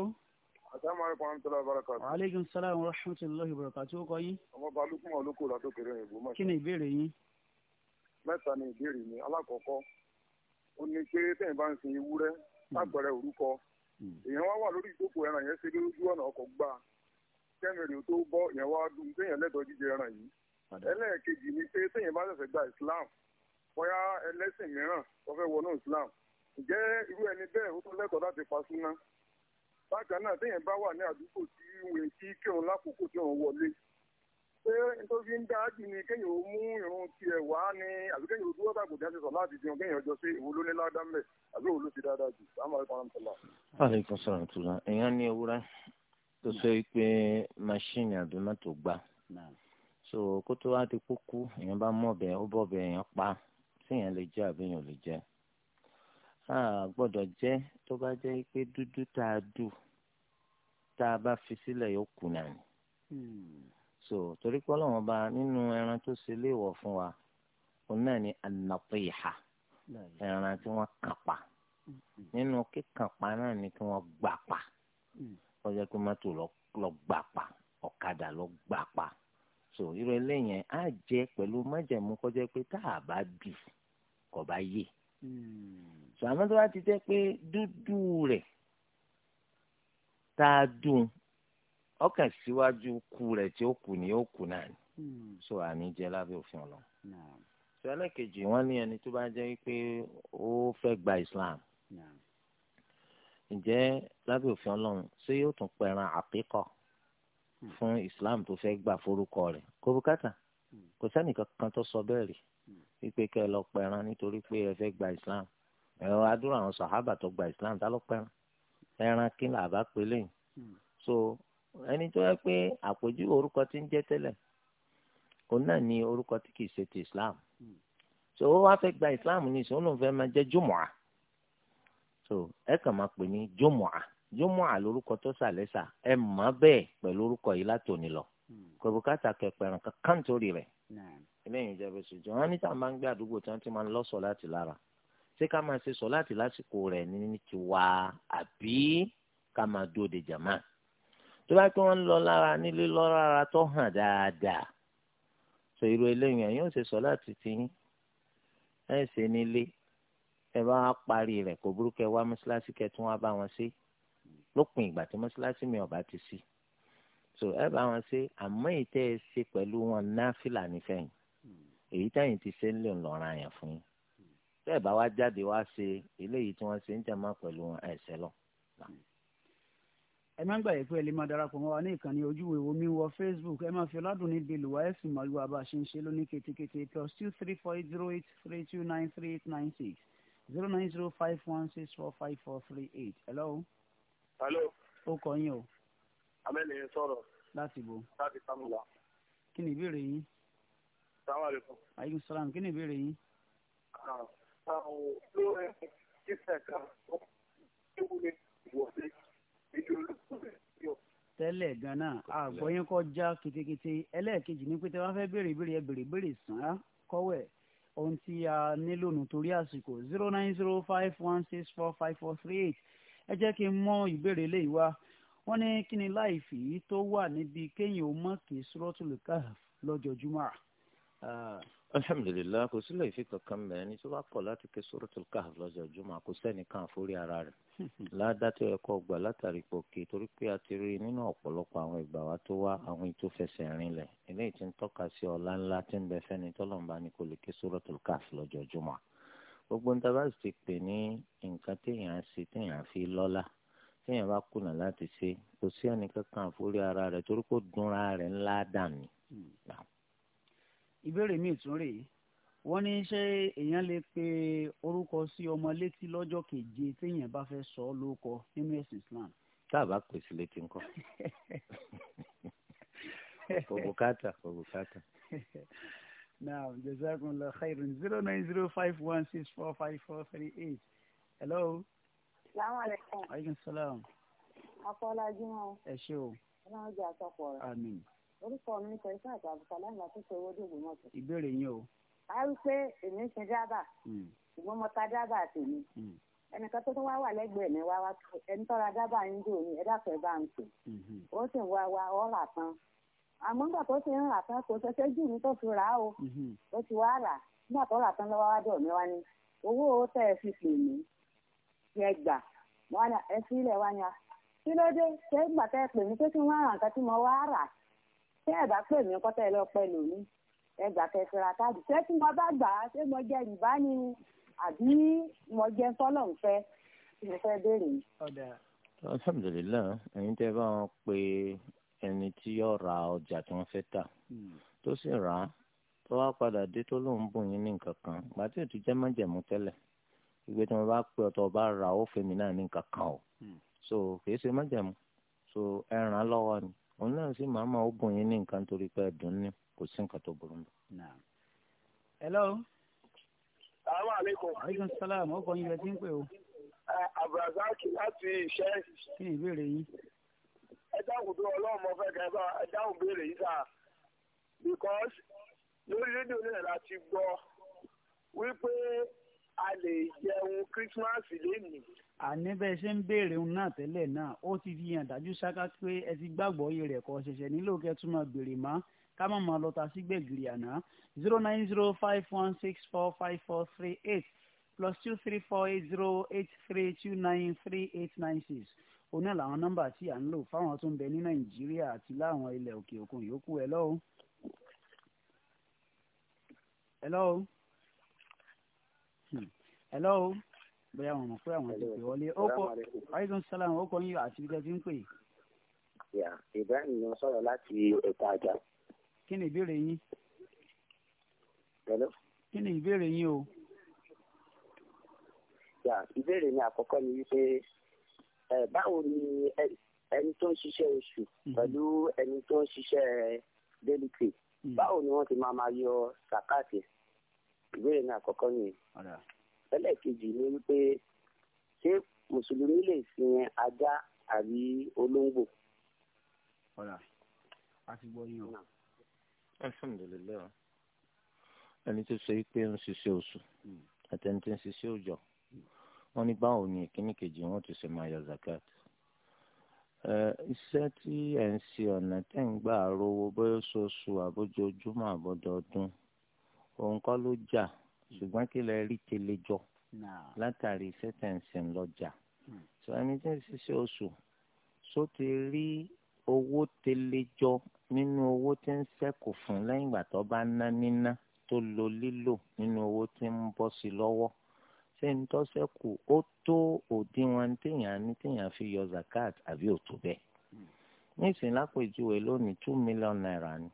aleykum salaam wa rahmatulahi wa barakati o kọ yín. ọmọ balùkùn olóko kí ni ìbéèrè yín. mẹ́ta ni ìbéèrè mi alákọ̀ọ́kọ́ ó ní pé tẹ̀yìn bá ń sin ewúrẹ́ hmm. lágbẹ̀rẹ̀ orúkọ hmm. èèyàn wá wà lórí ìjókòó ẹran yẹn ṣe lójú ọ̀nà ọkọ̀ gbà tó bọ́ èèyàn wá dùn téèyàn lẹ́tọ̀ọ́ jíjẹ ẹran yìí ẹlẹ́ẹ̀kejì ni pé téèyàn bá ṣẹ̀ṣẹ̀ gba Islam bóyá ẹlẹ́sìn mìíràn wọ́n fẹ́ wọnú bákan náà téèyàn bá wà ní àdúgbò tí wọ́n ti kírun lákòókò tí wọ́n wọlé pé nítorí ń dáa jù ni kéèyàn ó mú irun tiẹ̀ wá ní àbí kéèyàn ó dúró bàgbọ́dá ti sọ láti jẹun kéèyàn ọjọ́ sí ìwo ló ní ládàá mẹ́ àbí òwò ló ti dáadáa jù sáà máa ń pàrọ̀ tọ́lá. aleykum salaam tula èèyàn ní ewúrẹ́ tó sọ pé máṣíìnì àdúrà tó gbà so kó tó wá ti kúkú èèyàn bá mọ̀ bẹ́ẹ̀ ó bọ̀ bẹ́ẹ̀ èèyàn pa séèyàn lè jẹ́ àbí èèyàn a gbọ́dọ̀ jẹ́ tó bá jẹ́ pé dúdú tá a dù tá a bá fi sílẹ̀ yóò kù náà ni. Hmm. so torí pé ọlọ́run bá nínú ẹran tó ṣe léèwọ̀ fún wa òun náà ni ànàpéyà ẹran tí wọ́n kàn pa hmm. nínú kíkàn pa náà ni kí wọ́n gbà pa wọ́n hmm. jẹ́ pé mọ́tò lọ gbà pa ọ̀kadà lọ gbà pa so irú eléyẹn á jẹ pẹ̀lú májẹ̀mú kọjá pé tá a bá bì kò bá yé sàmú hmm. tó bá ti jẹ́ pé dúdú rẹ̀ tá a dùn ọkàn síwájú ku rẹ̀ tí ó kù ní ó kù náà ni hmm. so àní jẹ lábẹ́ òfin ọlọ́run sọ ẹlẹ́kejì wọ́n ní ẹni tó bá jẹ́ pé ó fẹ́ gba Islam ǹjẹ́ lábẹ́ òfin ọlọ́run ṣé yóò tún pẹran àpékọ̀ hmm. fún Islam tó fẹ́ gbà forúkọ rẹ̀ kó bùkátà kò sẹ́nìkan kan tó sọ bẹ́ẹ̀ rí wípé kẹ́ ẹ lọ pẹran nítorí pé ẹ fẹ́ gba islam ẹ̀rọ adúrà àwọn sàhábà tó gba islam tá ló pẹran ẹran kí là bá pè lẹ́yìn hmm. so ẹni tó yẹ pé àpèjú orúkọ tí ń jẹ́ tẹ́lẹ̀ òun náà ni orúkọ tí kì í ṣe ti islam hmm. so ó wá fẹ́ gba islam ní ìsìn òun fẹ́ máa jẹ́ jùmọ̀à so ẹ kàn máa pè ní jùmọ̀à jùmọ̀à lórúkọ tó sàlẹ́sà ẹ mọ̀ bẹ́ẹ̀ pẹ̀lú orúkọ yìí látòní lọ hmm. kò bùkátà kẹpẹ̀rún kankan torí rẹ̀ eléyìí jẹ́ bẹ́ẹ̀ sùjọ́ wọn ní tá a máa ń gbé àdúgbò tí wọ́n ti máa ń lọ́sọ̀ láti lára ṣé ká máa ṣe sọ láti lásìkò rẹ̀ ní tiwa àbí ká máa dúró de jàmá tó bá pé wọ́n ń lọ lára nílé lọ lára tó hàn dáadáa sọ irú eléyìí ẹ̀yin ò ṣe sọ láti tiyín ẹ̀ ṣe nílé ẹ bá parí rẹ̀ kò burú wá mọ́ṣáláṣí kẹ wá bá wọn ṣe lópin ìgbà tí mọ́ṣáláṣí mi ò ti sí so ẹ bá wọn ṣe àmọ́ ìtẹ́ ẹ ṣe pẹ̀lú wọn náà fìlà nífẹ̀yìn èyí táyìn ti ṣe ń lè lọ́ra yẹn fún yín bẹ́ẹ̀ bá wá jáde wá ṣe eléyìí tí wọ́n ṣe ń jàmá pẹ̀lú ẹ̀ṣẹ̀ lọ. ẹ má gbàgbé pé ẹ darapọ̀ mọ́ wa ní ìkànnì ojú ìwò wọ Facebook ẹ máa fi ọlọ́dún níbi ìlú wa ẹ̀sìn màlúù àbá ṣe ń ṣe lóní ketekete plus two three four eight zero eight three two nine three eight nine six zero nine zero five one six four five four three eight. hello. hello. ó kọ yín o. amẹ́ni sọ̀rọ̀. láti bo. láti sàmúlà. kí ni ìbéèrè yín? sàmàlẹ́kùn. aleykum salaam kí ni ìbéèrè yín. àwọn olórí kíṣà kan tó wúlé ìwọ̀sẹ̀ ìjọba tẹ́lẹ̀ gan-an àgbọ̀yìn kọjá ketekete ẹlẹ́ẹ̀kejì ní pété wọ́n fẹ́ béèrè ìbéèrè ẹ̀bèrè ìbéèrè sàn án kọ́wẹ̀ ohun tí a nílò nù torí àsìkò zero nine zero five one six four five four three eight ẹ jẹ́ kí n mọ ìbéèrè lè wá wọ́n ní kí ni láìfì tó wà níbi kéèyàn ó mọ̀ kí sùrọ́tùlù káf lọ́jọ́ jùmọ̀ Ah. alhamdulilayi kò sílẹ̀ ìfi kankan mẹ́ ẹni tó bá kọ̀ láti ké suratul kahf lọ́jọ́ jùmọ̀ kò sẹ́nìkan àforí ara rẹ̀ ládàtọ̀ ẹ̀kọ́ gbà látàrí pòkè torí pé a ti rí nínú ọ̀pọ̀lọpọ̀ àwọn ìgbà wa tó wá àwọn ètò fẹsẹ̀ rinlẹ̀ eléyìí ti ń tọ́ka sí ọlá ńlá tí ń bẹ fẹ́ni tọ́lọ́mùbá ni kò lè ké suratul kahf lọ́jọ́ jùmọ̀ gbogbo nǹkan bá ti pè ní nǹkan ìbéèrè míì tún rèé wọ́n ní ṣé èèyàn lè pe orúkọ sí ọmọ létí lọ́jọ́ keje téèyàn bá fẹ́ sọ ọ́ lórúkọ nínú ẹ̀sìn Islam. tá a bá pè sí létí ńkọ́ kò bùkátà kò bùkátà. now jazakumullahu zero nine zero five one six four five four three eight hello. salaamaleykum. aleykum salaam. afọlájú náà. ẹ ṣé o. ọlọ́run jẹ́ àtọ́pọ̀ rẹ̀. àmín. orúkọ mi sọ iṣẹ́ àti àbùkálà ńlá tó ṣe owó dògbò mọ́tò. ìbéèrè yín o. a rí pé èmi ṣe dábà hmm. ṣùgbọ́n mo ta dábà tèmi hmm. ẹnìkan tó tún wá wà lẹ́gbẹ̀ẹ́ mi wá wá ẹni tọ́ra dábà ń dò ní ẹ bá ń pè hmm. ó sì wá wa ọ́ rà tán àmọ́ nígbà tó ń rà tán kò ṣẹṣẹ́ o ó ti wá rà nígbà tó rà tán lọ́wọ́ wá dọ̀ owó ẹ fi pè mí gbà ẹ sílẹ̀ a ṣé ẹ bá pè mí kọ́tà ẹ lọ pẹ́ lòní ẹ gbà kẹsìrà káàdì ṣé tí mo bá gbà á ṣé mo jẹ ìbá ni àbí mo jẹ sọ́lọ̀ ń fẹ́ mo fẹ́ béèrè yìí. alhamdulilayi ẹ̀yin tẹ́ bá wọn pe ẹni tí yóò ra ọjà tí wọ́n fẹ́ tà hmm. tó sì rà á tó wá padà dé tó lóun bùn yín ní nǹkan kan gbàtí ètò jẹ́ májẹ̀mú tẹ́lẹ̀ ìgbé tí wọ́n bá pè ọ̀tọ̀ bá ra ó fèmí náà ní nǹkan kan o hmm. so kì í ṣe májẹ̀mú so ẹran lọ́wọ́ ni òun náà sì máa máa bùn yín ní nǹkan torí pé ẹ̀dùn ní kò sí nǹkan tó burú hello. assalamu alaikum. aleykum salaam ó kọ́ yín lọ sí ń pè o. abdulrasaq láti iṣẹ́. kí ni ìbéèrè yín. ẹ dáhùn tó ọlọ́run mọ fẹ́ kẹ́ ẹ dáhùn béèrè yìí sáà because lórí rédíò náà la ti gbọ́ wípé a lè jẹun Christmas lónìí. àní bẹ́ẹ̀ ṣe ń béèrè òun náà tẹ́lẹ̀ náà ó ti fi hàn dájú ṣáká pé ẹ ti gbàgbọ́ iye rẹ̀ kọ́ ṣẹ̀ṣẹ̀ nílò kẹ́ tún máa béèrè mọ́ ká má máa lọ́ta sí gbẹ̀gìrì àná zero nine zero five one six four five four three eight plus two three four eight zero eight three two nine three eight nine six òun náà làwọn nọ́mbà tí à ń lò fáwọn tó ń bẹ ní Nàìjíríà àti láwọn ilẹ̀ òkè òkun yòókù ẹ̀ lọ́wọ́. Hello. Hmm. hello bóyá wọn mọ̀ pé àwọn ti pè wọlé o kọ aleykum salaam ó kọ yín àti ibi tẹ́ ti ń pè. Ibrahim ni wọ́n sọ̀rọ̀ láti ẹ̀ka àjà. kí ni ìbéèrè yín. hello. kí ni ìbéèrè yín o. ìbéèrè mi àkọ́kọ́ ni wípé báwo ni ẹni tó ń ṣiṣẹ́ oṣù hmm. pẹ̀lú ẹni tó ń ṣiṣẹ́ daily pay hmm. báwo ni wọ́n ti máa máa yọ sàkáàtì ìbéèrè náà àkọ́kọ́ nìyẹn. ẹlẹ́ẹ̀kejì ni wípé ṣé mùsùlùmí lè sin ajá àbí olóńgbò. a ti gbọ́ yín o. alhamdulilayi ẹni tó sọ pé ń ṣiṣẹ́ oṣù hmm. àti ẹni tó ń ṣiṣẹ́ òòjọ́ wọ́n ní báwo ni ìkíní kejì wọn ti ṣe máa yọ zakat iṣẹ́ tí ẹ̀ ń ṣe ọ̀nà tẹ̀ ń gbà rówó bóyá oṣooṣù àbójoojúmọ́ àbọ̀dọ̀ọdún òun kọ́ ló jà hmm. ṣùgbọ́n kí lè rí tele jọ látàrí iṣẹ́ tẹ̀sí ńlọ́jà hmm. sọ ẹni tí ń ṣiṣẹ́ oṣù só ti rí owó tele jọ nínú owó tí ń ṣẹ́kù fún lẹ́yìn ìgbà tó bá ná níná tó lo lílò nínú owó tí ń bọ́ sí lọ́wọ́ ṣé ń tọ́ ṣẹ́kù ó tó òdiwọ̀n téèyàn ní téèyàn fi yọ zakat àbí òtò bẹ́ẹ̀ hmm. nísìnyí lápèjúwe lónìí two million naira ni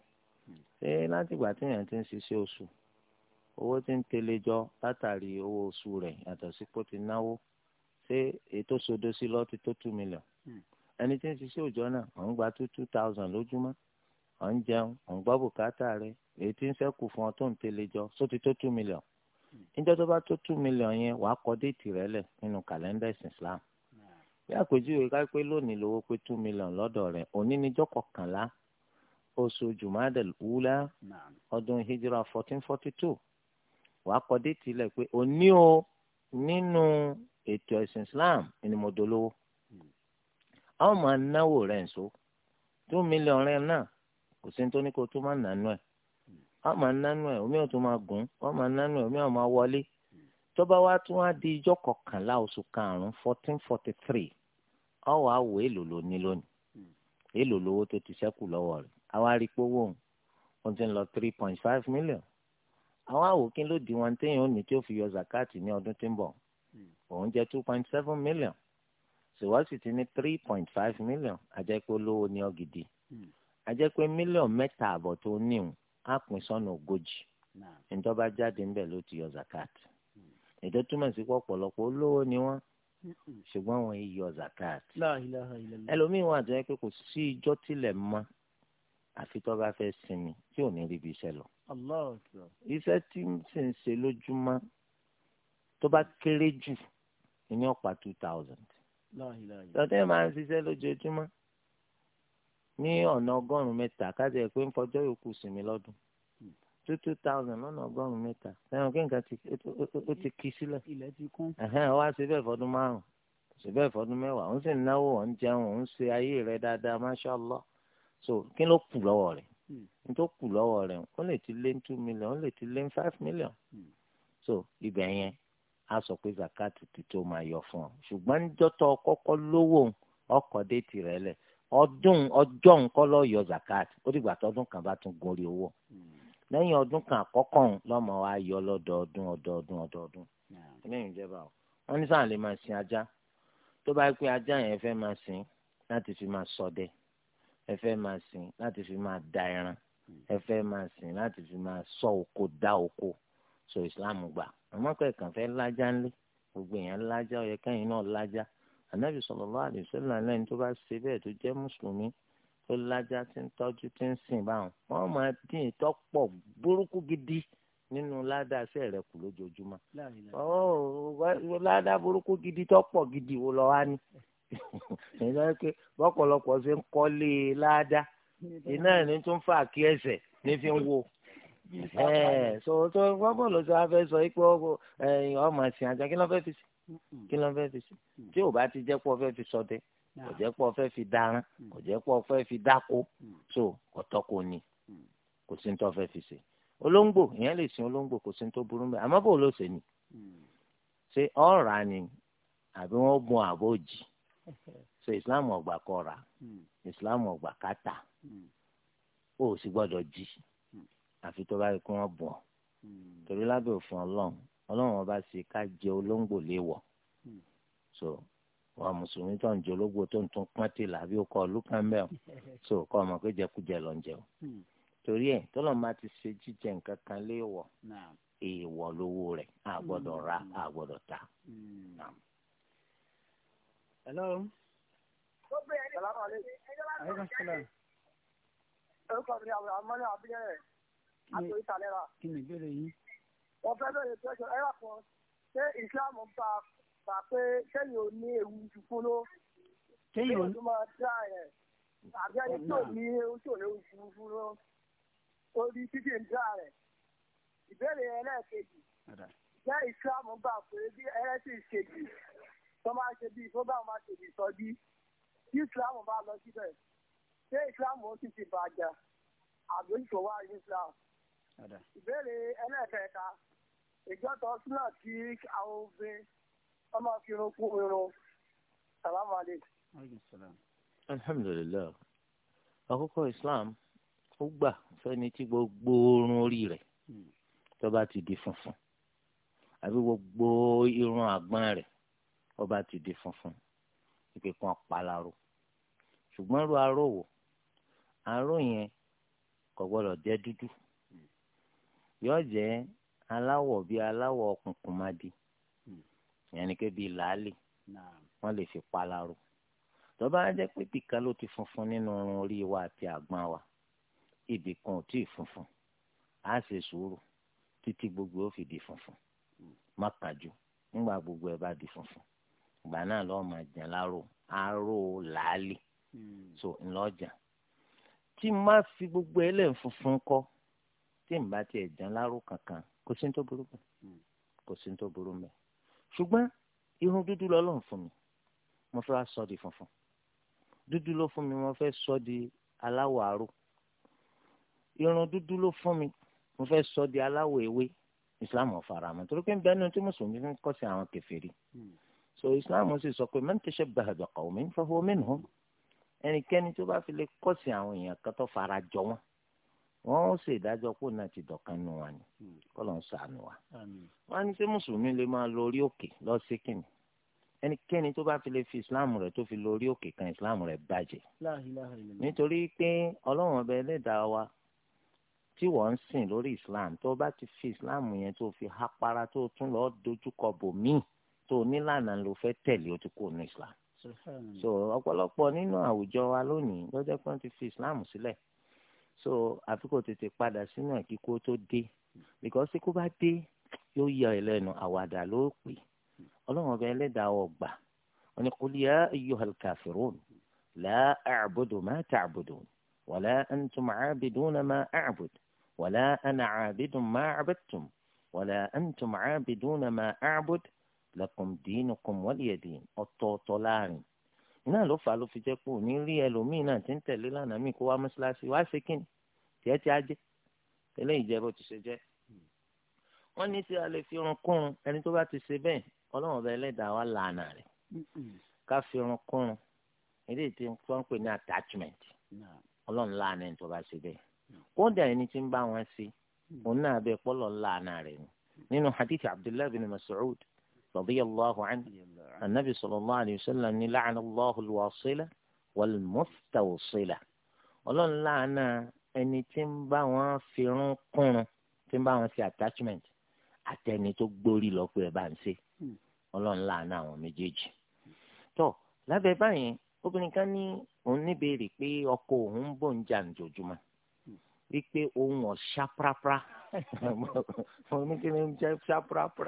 ṣé látìgbà téèyàn ti ń ṣiṣẹ́ oṣù owó tí ń jọ látàrí owó oṣù rẹ̀ yàtọ̀ sí ti náwó ṣé ètò sodo sí lọ ti tó two million hmm. ẹni tí ń ṣiṣẹ́ ọ̀ ń gba two thousand lójúmọ́ ọ̀ ń jẹun ọ̀ ń gbọ́ bùkátà rẹ èyí tí ń fún ọ tó ń jọ só tó two million hmm. níjọ́ tó bá tó two million yẹn wàá kọ déètì rẹ lẹ̀ nínú kàlẹ́ndà Islam hmm. bí àpèjúwe ká pé lónìí lówó pé two million wàá kọ déètì lẹ̀ pé òní o nínú ètò ẹ̀sìn Islam ni mo dolówó àwọn máa náwó rẹ̀ nso two million rẹ̀ náà kò sí nítorí kó tó máa nànú ẹ̀ wọ́n máa nánú ẹ̀ omi ò tún máa gùn wọ́n máa nánú ẹ̀ omi ò máa wọlé tó bá wá tún wá di ijọ́ kọkànlá oṣù karùn-ún fourteen forty three ọwọ́ àwò èlò ló ní lónìí èlò lówó tó ti ṣẹ́kù lọ́wọ́ rẹ̀ àwa rí i pé owó òun ti ń lọ three point five million àwọn àwòkín ló di wọn téèyàn ò ní tí ó fi yọ zakati ní ọdún tí ń bọ̀ hmm. òun jẹ́ two point seven million ṣèwọ́ sì ti ní three point five million àjẹpẹ́ olówó ní ọ̀gidi àjẹpẹ́ hmm. mílíọ̀n mẹ́ta àbọ̀ tó níhùn á pín sọ́nà ogójì ìjọba jáde ńbẹ̀ ló ti yọ zakati hmm. ètò túmọ̀ sí pọ̀pọ̀lọpọ̀ olówó ni wọ́n ṣùgbọ́n wọn yọ zakat ẹlòmíín wà tó pé kò sí ijọ́ tilẹ̀ mọ́ àfi tó bá fẹ́ sinmi tí ò ní ríbi iṣẹ́ lọ iṣẹ́ tí ń sì ń ṣe lójúmọ́ tó bá kéré jù ní ọ̀pá two thousand. tọ́tẹ́ máa ń ṣiṣẹ́ lójoojúmọ́ ní ọ̀nà ọgọ́rùn-ún mẹ́ta kájọ pé ń fọjọ́ yòókù sinmi lọ́dún hmm. two two thousand lọ́nà ọgọ́rùn-ún mẹ́ta sẹ́wọ̀n kí nǹkan ó ti kí sílẹ̀ wá sí bẹ́ẹ̀ fọdún márùn-ún sí bẹ́ẹ̀ fọdún mẹ́wàá òun sì ń náwó òun jẹun òun ṣe ayé rẹ̀ dáadáa masha Allah so kí ló kù lọ́wọ́ rẹ̀ Hmm. n tó kù lọ́wọ́ rẹ̀ ó lè ti lé two million ó lè ti lé five million hmm. so ibẹ̀ yẹn a sọ pé zakat ti tó máa yọ fún ọ ṣùgbọ́n níjọ́tọ̀ kọ́kọ́ lówó ọkọ̀ dé tirẹ̀ lẹ̀ ọdún ọjọ́ nǹkan lọ yọ zakat ó dìgbà tọdún kan bá tún gorí owó hmm. lẹ́yìn ọdún kan àkọ́kọ́ lọ́mọ wa yọ lọ́dọọdún ọdọọdún ọdọọdún lẹ́yìn ìjọba o wọ́n ní sáà lè máa sin ajá tó bá yẹ pé ajá yẹn fẹ́ máa sin láti fi máa ṣọdẹ. So ẹ fẹ́ máa sìn láti fi máa da ẹran hmm. ẹ fẹ́ máa sìn láti fi máa sọ oko dá oko so islam gbà àmọ́ pé kàn fẹ́ lájà ńlẹ̀ gbogbo èèyàn lájà ó yẹ kẹ́yìn náà lájà ànábì sallallahu alaihi wasallam lẹ́ni tó bá ṣe bẹ́ẹ̀ tó jẹ́ mùsùlùmí tó lájà tí ń tọ́jú tí ń sìn báwọn wọ́n máa dín ìtọ́pọ̀ burúkú gidi nínú ládàáṣẹ́ rẹ̀ kù lójoojúmọ́. ó oh, ládàá burúkú gidi tọ́pọ̀ gidi wo lọ wá ní èyí ló ń ké bọ́pọ̀lọpọ̀ ṣe ń kọ́lé e ládàá iná ẹ̀ ní tó ń fà kí ẹsẹ̀ ní fi ń wo so tó bọ́pọ̀lọ sọ afẹ́ sọ pé ọmọ ẹ̀sìn ajá kí ló fẹ́ fi sí kí ló fẹ́ fi sí tí ò bá ti jẹ́ pé ọ fẹ́ fi ṣọdẹ kò jẹ́ pé ọ fẹ́ fi daran mm. kò jẹ́ pé ọ fẹ́ fi dáko mm. so ọ̀tọ̀ kò ní mm. kò sí ní tó fẹ́ fi ṣe olóńgbò ìyẹn lè sin olóńgbò kò sí tó burú mẹ́ àmọ́ bò ló ṣe ni ṣé ọ̀rà ni àbí wọ́n gun àbójì. so islam ọgbà kọra hmm. islam ọgbà kàtà ó hmm. sì gbọ́dọ̀ jì hmm. àfi tó bá rí kí wọ́n bọ̀ torí lábẹ́ òfin ọlọ́run ọlọ́run ọba sì ká jẹ olóńgbò léwọ̀ so wọn mùsùlùmí tó ń jẹ olóńgbò tó ń tún pọ́ńtì làbí ó kọ́ lùkàn bẹ́ẹ̀ so kọ́ ọmọ pé jẹkújẹ lọ ń jẹun torí ẹ̀ tọ́lọ́run bá ti ṣe jíjẹ nǹkan kan léwọ̀ èèwọ̀ lówó rẹ̀ a gbọ́dọ̀ rà a gbọ́dọ̀ tà hello. kí ni ìbéèrè yín. wọ́n fẹ́ bẹ̀rẹ̀ pé ẹ kan ṣé islam bá bá pé kéèyàn ò ní ewu ju fún ló. kéèyàn ò ní máa dá ẹ̀ àbí ẹni tó ní ewu tó ní ewu ju fún ló. títí ń dá rẹ̀. ìbéèrè ẹlẹ́ẹ̀kejì. jẹ́ islam bá pé bí ẹlẹ́sìn ṣèjì tó máa ṣe bíi tó báwọn máa ṣe bíi sọjí tí islam bá lọ síbẹ̀ ṣé islam ó sì ti bàjẹ́ àgbéṣọ wá islam. ìbéèrè ẹlẹ́ẹ̀kẹta ìjọ́tọ̀ súnà tí àwọn obìnrin wọ́n máa fi irun kún irun salamu aleykum. alhamdulilayi àkókò islam ó gbà fẹ́ni tí gbogbo irun orí rẹ̀ hmm. tó bá ti di funfun àbí gbogbo irun àgbọ̀n rẹ̀ ọba ti di funfun ìpè kan palaro ṣùgbọ́n ru aró wò aró yẹn kò gbọ́dọ̀ jẹ́ dúdú yóò jẹ́ aláwọ̀ bíi aláwọ̀ kùnkùn máa di ìyẹn ni pé bíi làálì wọ́n lè fi palaro tó bá jẹ́ pé bìkan ló ti funfun nínú irun orí wa àti àgbọ̀n wa ibì kan ò tíì funfun á ṣe sùúrù títí gbogbo ó fi di funfun hmm. má kánjú nígbà gbogbo ẹ bá di funfun ìgbà náà lọ́ọ́ máa jẹun láró aró làálì hmm. so ńlọ́jà tí má fi gbogbo ẹlẹ́yìn funfun kọ́ tí n bá tiẹ̀ jẹun láró kankan kò sí ní tó burú bẹ́ẹ̀ hmm. kò sí ní tó burú bẹ́ẹ̀ ṣùgbọ́n irun dúdú lọ́lọ́run fún mi mo fẹ́ sọ di funfun dúdú ló fún mi mo fẹ́ sọ di aláwọ̀ aró irun dúdú ló fún mi mo fẹ́ sọ di aláwọ̀ ewé islam ọ̀faramọ́ torí pé ń bẹ́ẹ̀ ni tí mùsùlùmí ń kọ́ sí àwọn kèfèrí. Mm so islam sì sọ pé man tashabbaha bi qawmin fahuwa minhum ẹnikẹ́ni tó bá fi lè kọ́sì àwọn èèyàn kan tó fara jọ wọn wọn ó sì dájọ́ pò náà ti dọ̀kan nu wa ni kọ́ ló ń sànù wa. wọn á ní ṣé mùsùlùmí lè máa lọ orí òkè lọ sí kìnnì ẹnikẹ́ni tó bá fi lè fi islam rẹ̀ tó fi lọ orí òkè kan islam rẹ̀ bàjẹ́. nítorí pé ọlọ́run ọba ẹlẹ́dàá wa tí wọ́n ń sìn lórí islam tó bá ti fi islam yẹn tó fi hápára tó tún lọ́ọ́ dojúkọ bòmíì tó nílànà ló fẹ́ tẹ̀lé o ti kó ní islam so ọ̀pọ̀lọpọ̀ nínú àwùjọ wa lónìí lọ́jọ́ pé wọ́n ti fi islam sílẹ̀ so àfi tètè padà sínú ẹ̀ tó dé because tí bá dé yóò yọ ẹ àwàdà ló pè ọlọ́run ọba ẹlẹ́dàá ọgbà wọn ni qul ya ayyuhal kafirun la a'budu ma ta'budun wala antum 'abiduna ma a'bud wala ana 'abidun ma 'abadtum wala antum 'abiduna ma a'bud lakum dinukum waliyadin ọ̀tọ̀ọ̀tọ̀ láàrin iná ló fà á ló fi jẹ́ pé òní rí ẹlòmíín náà ti ń tẹ̀lé lánàá mi kó wá mọ́ṣáláṣí wá ṣe kíni tiẹ̀ tí a jẹ́ eléyìí jẹ́ bó ti ṣe jẹ́ wọ́n ní tí a lè fi irun ẹni tó bá ti ṣe bẹ́ẹ̀ ọlọ́run ọba ẹlẹ́dàá wa làánà rẹ̀ ká fi irun kúrun eléyìí tí ń pè ní attachment ọlọ́run làánà ẹni tó bá ṣe bẹ́ẹ̀ kódà ẹni tí ń bá wọn ṣe òun náà bẹ pọ́lọ́ làánà rẹ̀ nínú hadith Abdullahi bin Mas'ud radiyallahu anhu anabi sallallahu alayhi wa sallam ní la'ana Allahu al-wasila wal-mustawsila ọlọ́run láàánà ẹni tí ń bá wọn fi irun kúnrun tí ń bá wọn ṣe attachment àtẹni tó gbórí lọ pé ẹ bá ń ṣe ọlọ́run láàánà àwọn méjèèjì tó lábẹ́ báyìí obìnrin kan ní òun níbèrè pé ọkọ òun ń bò ń jà ǹjọ́júmọ́ wípé ohun ọ̀ṣá prapra mo ní kí ni ń jẹ́ ṣá prapra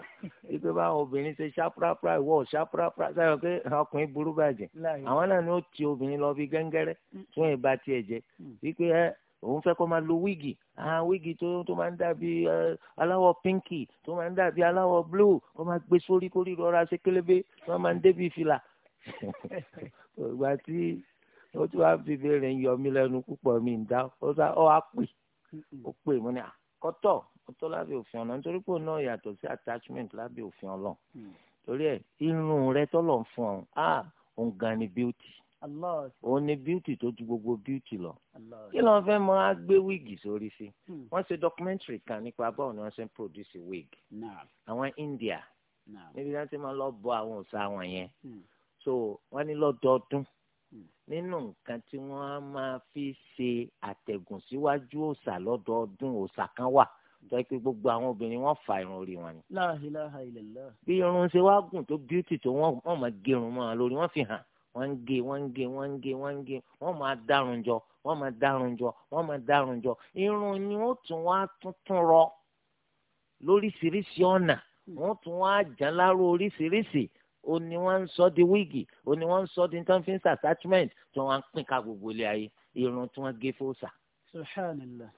wípé báwọn obìnrin ṣe ṣá prapra ìwọ ọ̀ṣá prapra sáyọ̀ pé ọkùnrin burú bàjẹ́ àwọn náà ni ó ti obìnrin lọ bí gẹ́ngẹ́rẹ́ mm. tí wọ́n ìbá tiẹ̀ jẹ́ mm. wípé ẹ òun fẹ́ kó máa lo wíìgì àwọn wíìgì tó tó máa ń dàbí aláwọ̀ pínkì tó máa ń dàbí aláwọ̀ blue kó máa gbé sórí kórìí rọra ṣe kélébé wọ́n máa ń débi fìlà ìgbà tí ó ti wá fi béèrè ń yọ mí lẹ́nu púpọ̀ mi ń dá ó sá ó wá pè ó pè mo ní àkọ́tọ̀ ọtọ́ lábẹ́ òfin ọ̀nà nítorí pé òun náà yàtọ̀ sí attachment lábẹ́ òfin ọlọ́run mm. torí ẹ̀ irun rẹ tọ́lọ̀ ń fún ọ á òun gan ni beauty òun ni beauty tó ju gbogbo beauty lọ kí ló ń fẹ́ mọ́ á gbé wíìgì sórí sí mm. wọ́n ṣe documentary kan nípa báwo ni wọ́n ṣe ń produce wig àwọn India níbi tí wọ́n ti máa lọ bọ àwọn òòṣà wọn yẹn mm. so wọ́n ní lọ́dọọdún nínú nǹkan tí wọ́n máa fi ṣe àtẹ̀gùn síwájú òòṣà lọ́dọọdún òòṣà kan wà tọ́ pé gbogbo àwọn obìnrin wọ́n fa irun orí wọn ni. la ilaha illallah. bí irun ṣe wá gùn tó bíútì tó wọ́n máa gérun mọ́ ọ lórí wọ́n fi hàn wọ́n ń gé wọ́n ń gé wọ́n ń gé wọ́n ń gé wọ́n máa dárun jọ wọ́n máa dárun jọ wọ́n máa dárun jọ irun ni ó tún wá tuntun rọ lóríṣiríṣi ọ̀nà hmm. wọ́n tún wá jàn láró oríṣiríṣi ó ní wọ́n ń sọ di wíìgì ó ní wọ́n ń sọ di nǹkan fi ń sa attachment tí wọ́n á pín ká gbogbo ilé ayé irun tí wọ́n gé fóòsà.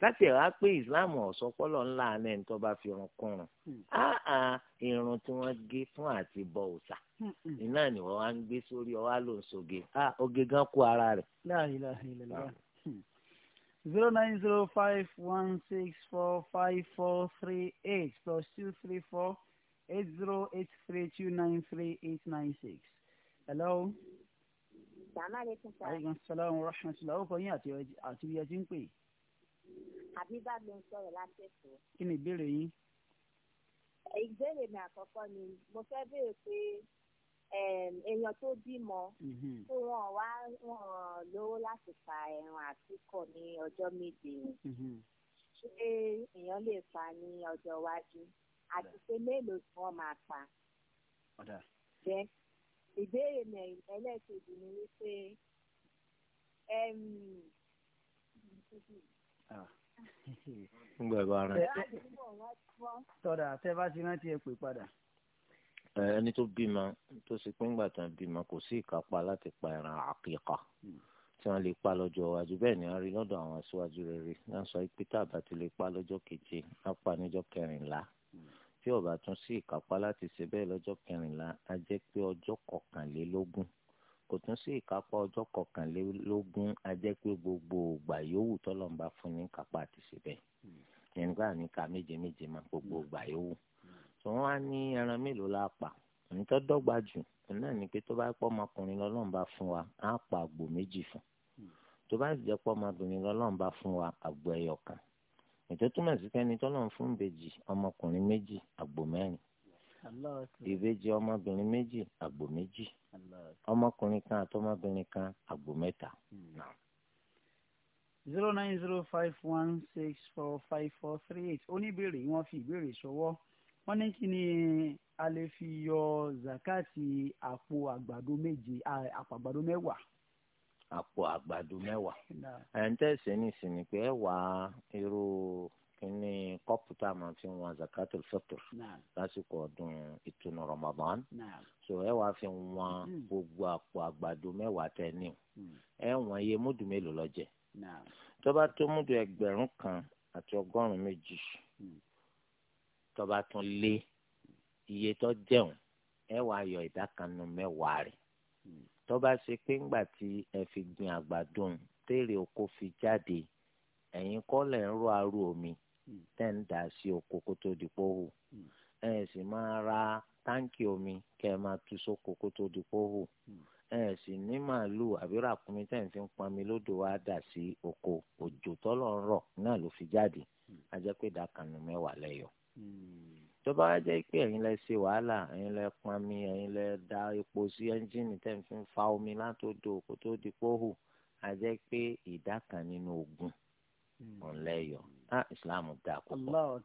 láti ẹ̀ wá pé islam ọ̀sọ́pọ̀lọ̀ ńlá alẹ́ tó bá fi irun kúrun hmm. áà irun tí wọ́n gé fún àti bọ òòsà hmm. iná ni wọ́n wá ń gbé sórí ọwá ló ń soge oge gan kó ara rẹ̀. Hmm. zero nine zero five one six four five four three eight plus two three four eight zero eight three two nine three eight nine six. hello. salaamaleykum sir. aleykum salaam wa rahmatulah ó kọ yín àti bí ẹ ti ń pè. àbíbá mi ń sọ̀rọ̀ láti ẹ̀kọ́. kí ni ìbéèrè yín. ìbéèrè mi àkọ́kọ́ ni mo fẹ́ béèrè pé èèyàn tó bímọ mm-hmm. tó wọn wá wọn lówó láti pa ẹran àtúkọ ní ọjọ́ méje yẹn mm-hmm. ṣé èèyàn lè pa ní ọjọ́ iwájú àti pé mélòó tí wọ́n máa pa. Then ìbéèrè mẹ́rin ẹlẹ́ẹ̀kejì ni wípé ngbẹ̀bà rẹ̀. tọ́da tẹ́ bá ti rántí ẹ pè padà. ẹni tó bímọ tó sì pé ńgbà tán bímọ kò sí ìkápá láti pa ẹran àkíkà hmm. tí wọ́n lè pa lọ́jọ́ iwájú bẹ́ẹ̀ ni a rí lọ́dọ̀ àwọn aṣáájú rere náà sọ pé tá ti lè pa lọ́jọ́ keje á pa níjọ́ kẹrìnlá tí ó bá tún sí ìkápá láti ṣe bẹ́ẹ̀ lọ́jọ́ kẹrìnlá a jẹ́ pé ọjọ́ kọkànlélógún kò tún sí ìkápá ọjọ́ kọkànlélógún a jẹ́ pé gbogbo ògbà yòówù tọ́lọ́mùbá fún ní ìkápá àti ṣe bẹ́ẹ̀ nígbà níka méje méje máa gbogbo ògbà yòówù tí wọ́n á ní ẹran mélòó la pa nítọ́ dọ́gba jù náà ni pé tó bá pọ́ ọmọkùnrin lọ́lọ́mùbá fún wa á pa àgbò méjì fún tó bá sì jẹ́ pọ́ ọmọbìnrin lọ́lọ́mùbá fún wa àgbò ẹyọ kan ètò túmọ̀ sí kẹ́ni tọ́lọ̀ ń fún ìbejì ọmọkùnrin méjì àgbò mẹ́rin ìbejì ọmọbìnrin méjì àgbò méjì ọmọkùnrin kan àtọmọbìnrin kan àgbò mẹ́ta. zero nine zero five one six four five four three eight oníbèrè wọ́n fi ìbéèrè ṣọwọ́ wọ́n ní kí ni a lè fi yọ zakati àpò àgbàdo méje àpò àgbàdo mẹ́wàá àpò àgbàdo mẹ́wàá ẹ̀ńtẹ́sì ní ìsinmi pé ẹ wà irú kínní kọ́pù tá a máa fi wọn zakatul fitr lásìkò ọdún ìtúnu Ramadan so ẹ wàá fi wọn mm-hmm. gbogbo àpò àgbàdo mẹ́wàá tẹ ní o mm. ẹ wọn iye múdù mélòó ló jẹ tó múdù ẹgbẹ̀rún kan àti ọgọ́rùn-ún méjì mm. tó lé iye tó jẹun ẹ wàá yọ ìdá kan nu mẹ́wàá rẹ̀ tó bá ṣe pé ńgbà tí ẹ fi gbin àgbàdo ń tèrè oko fi jáde ẹ̀yin kọ́ lẹ̀ ń rọ aró omi hmm. tẹ́ ń dà sí oko kó tó di pòhù hmm. ẹ̀ sì máa ra táǹkì omi kẹ́ ẹ máa tu sóko kó tó di pòhù hmm. ẹ̀ sì ní màálùú àbí ràkúnmí tẹ́ ń fi ń lódò wa dà sí oko òjò tọ́lọ̀ ń rọ̀ náà ló fi jáde a pé ìdá mẹ́wàá lẹ́yọ̀ tó bá wá jẹ́ pé ẹ̀yin lẹ ṣe wàhálà ẹ̀yin lẹ pọnmi ẹ̀yin lẹ da epo sí ẹ́ńjìnì tẹ̀ ń fi fa omi látòdò kó tó di póhù a jẹ́ pé ìdá kan nínú ogún hmm. òun lẹ́yọ̀ á islam dà púpọ̀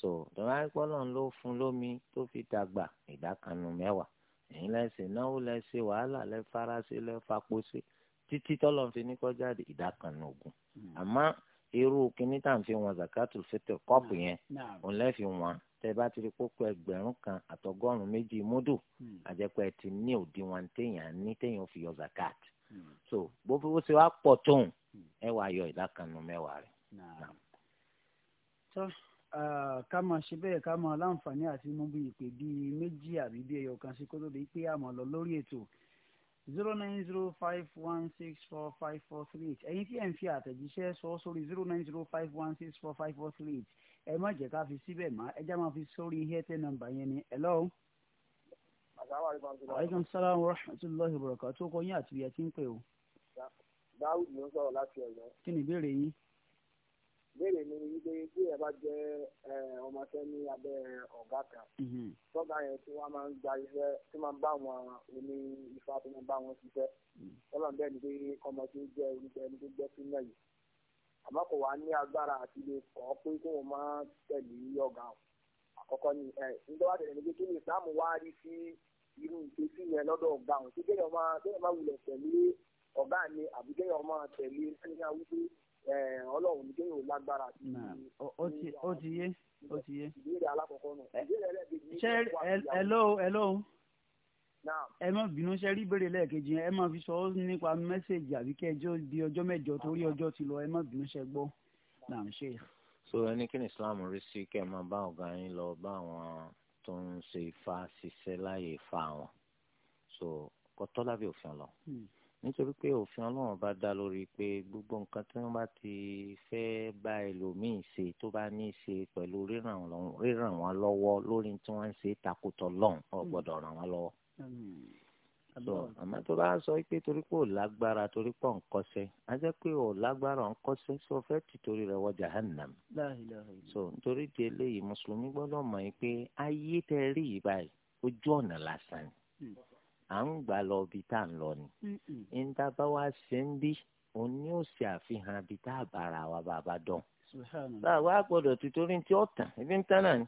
so tó bá yẹ pọ́lọ́ ló fún lómi tó fi dàgbà ìdá kan nínú mẹ́wàá ẹ̀yin lẹ ṣe náwó lẹ ṣe wàhálà lẹ faraṣe lẹ fapò sí títí tọ́lọ́ fi ní kó jáde ìdá kan nínú ogún hmm. àmọ́ irú kíní tá à ń fi wọn zakatul fitr kọ́ọ̀pù yẹn òun lẹ́ fi wọn tẹ bá ti rí pópó ẹgbẹ̀rún kan àtọgọ́rùn méjì múdù àjẹpẹ́ hmm. ti ní òdiwọ̀n téèyàn ní téèyàn fi yọ zakat hmm. so bó fi wọ́n ṣe wá pọ̀ tóun hmm. ẹ wàá yọ ìdá kan nù mẹ́wàá rẹ̀. tó ká máa ṣe bẹ́ẹ̀ ká máa láǹfààní àti mú bí ìpè bíi méjì àbí bí ẹyọ kan sí kó tó di pé àmọ́ lọ lórí ètò zero nine zero five one six four five four three eight ẹ̀yin tí ẹ̀ ń fi àtẹ̀jíṣẹ́ sọ sórí zero nine zero five one six four five four three eight ẹ má jẹ́ ká fi síbẹ̀ mọ́ ẹ já máa fi sórí airtel number yẹn ni hello. aleykum salaam wa rahmatulahi wa barakatuh tó kọ yín àti ìyá tí ń pè o. dáhùn ló ń sọ̀rọ̀ láti ọ̀yọ́. kí ni ìbéèrè yín. ìbéèrè mi ni wípé bí ẹ bá jẹ́ ọmọọṣẹ́ ní abẹ́ ọ̀gá kan tọ́gà mhm. yẹn tí wọ́n máa ń gba iṣẹ́ tí máa ń bá wọn oní ifá tí wọ́n bá wọn ṣiṣẹ́ tọ́lọ́ mm. bẹ́ẹ̀ ni pé ọmọ tó jẹ́ oníṣẹ́ ẹni tó jẹ́ sínú yìí àmọ́ kò ní agbára àti lè kọ́ pé kí wọ́n máa tẹ̀lé ọ̀gá àkọ́kọ́ ni ẹ̀ nígbà tẹ̀lé ní kékeré wá rí sí irú ìṣesí yẹn lọ́dọ̀ ọ̀gá òun tí kéèyàn máa kéèyàn máa wulẹ̀ tẹ̀lé ẹ má bínú ṣe rí ìbéèrè lẹ́ẹ̀kejì yẹn ẹ má fi sọ ọ́ nípa mẹ́sẹ̀gì àbí kẹjọ́ di ọjọ́ mẹ́jọ torí ọjọ́ ti lọ ẹ má bínú ṣe gbọ́ là ń ṣe. so ẹni kí ni Islam rí sí kẹ́ ẹ máa bá ọ̀gá yín lọ bá àwọn tó ń ṣe ifá ṣiṣẹ́ láàyè ifá wọn so kọ́tọ́ lábẹ́ òfin lọ hmm. nítorí pé òfin ọlọ́run bá dá lórí pé gbogbo nǹkan tí wọ́n bá ti fẹ́ bá ẹlòmíì ṣe tó bá ní í ṣe pẹ̀lú ríràn wọn lọ́wọ́ lórí tí wọ́n ń ṣe takùtọ̀ lọ́hùn ò hmm. ràn wọ́n lọ́wọ́ Hmm. so àmọ́ tó bá sọ pé torí pé ò lágbára torí pọ̀ ń kọ́sẹ́ á jẹ́ pé ò lágbára ń kọ́sẹ́ sọ fẹ́ ti torí rẹ̀ wọ jahannam so nítorí di eléyìí mùsùlùmí gbọ́dọ̀ mọ̀ yín pé ayé tẹ rí yìí báyìí ojú ọ̀nà lásán ni hmm. à ń gbà lọ ibi tá à ń lọ ni níta bá wá ṣe ń bí òun ni ó ṣe àfihàn ibi tá a bára wa bàbá dán báwa gbọ́dọ̀ ti torí ti ọ̀tàn ibi ń tán náà ni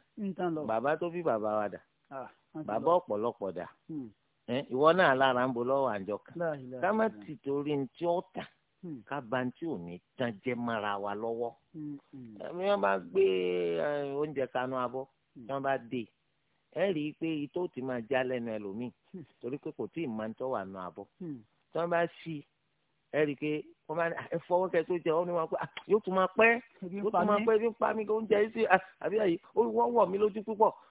bàbá tó bí bàbá wa dà. Ah bàbá ọ̀pọ̀lọpọ̀ dà hmm. ìwọ náà lára ń bo lọ́wọ́ àjọ kan ká má ti torí ní tí ó tà hmm. ká ba ní tí ò ní tán jẹ́ mára wa lọ́wọ́ hmm, ẹ̀mí wọn bá gbé oúnjẹ kanú abọ́ wọn bá dé ẹ rí i pé itó ti máa já lẹ́nu ẹlòmíì torí pé kò tí ì máa ń tọ́ wà nù abọ́ tí wọ́n bá sí ẹ rí i pé wọ́n máa ah, ẹ fọwọ́ kẹ́ tó jẹ ọ́ ni wọ́n pẹ́ ah, yóò tún máa pẹ́ yóò tún máa pẹ́ bí ń pa mí oúnjẹ yìí sí ah, àbí àyè wọ́n wọ̀ mí lójú púpọ̀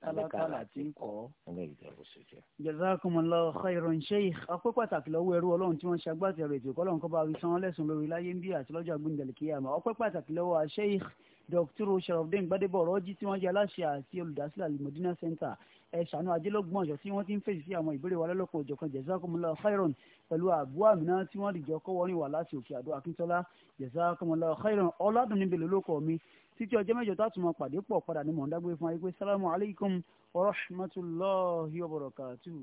tálákàlà tí ń kọ́. jazakumullahu khairan sheikh akpé pàtàkì lọ́wọ́ ẹrú ọlọ́run tí wọ́n ṣe agbátẹrù ètò ìkọ́lọ̀ nǹkan bá wí sanwó lẹ́sùn lórí láyé ń bí àti lọ́jọ́ àgbéǹdẹ̀lẹ̀ kíyàmá ọpẹ́ pàtàkì lọ́wọ́ sheikh dr sharafdin gbadebo ọ̀rọ̀jì tí wọ́n jẹ́ aláṣẹ àti olùdásílẹ̀ alimọ̀dínà center ẹ̀ ṣàánú ajẹ́lógún ọ̀jọ̀ tí wọ́n ti ń fèsì sí àwọn ìbéèrè wa lọ́lọ́kọ̀ òjọ̀kan jazakumullahu khairan pẹ̀lú àbú àmìnà tí wọ́n dìjọ́ kọ́wọ́rin wà láti òkè àdó akíntola jazakumullahu khairan ọlọ́dún níbi lólókọ̀ mi títí ọjọ́ mẹ́jọ tá a tún máa pàdé pọ̀ padà ní mọ̀ọ́dágbé fún wa yìí pé sálámù alaykum wa rahmatulahi wa barakatuhu.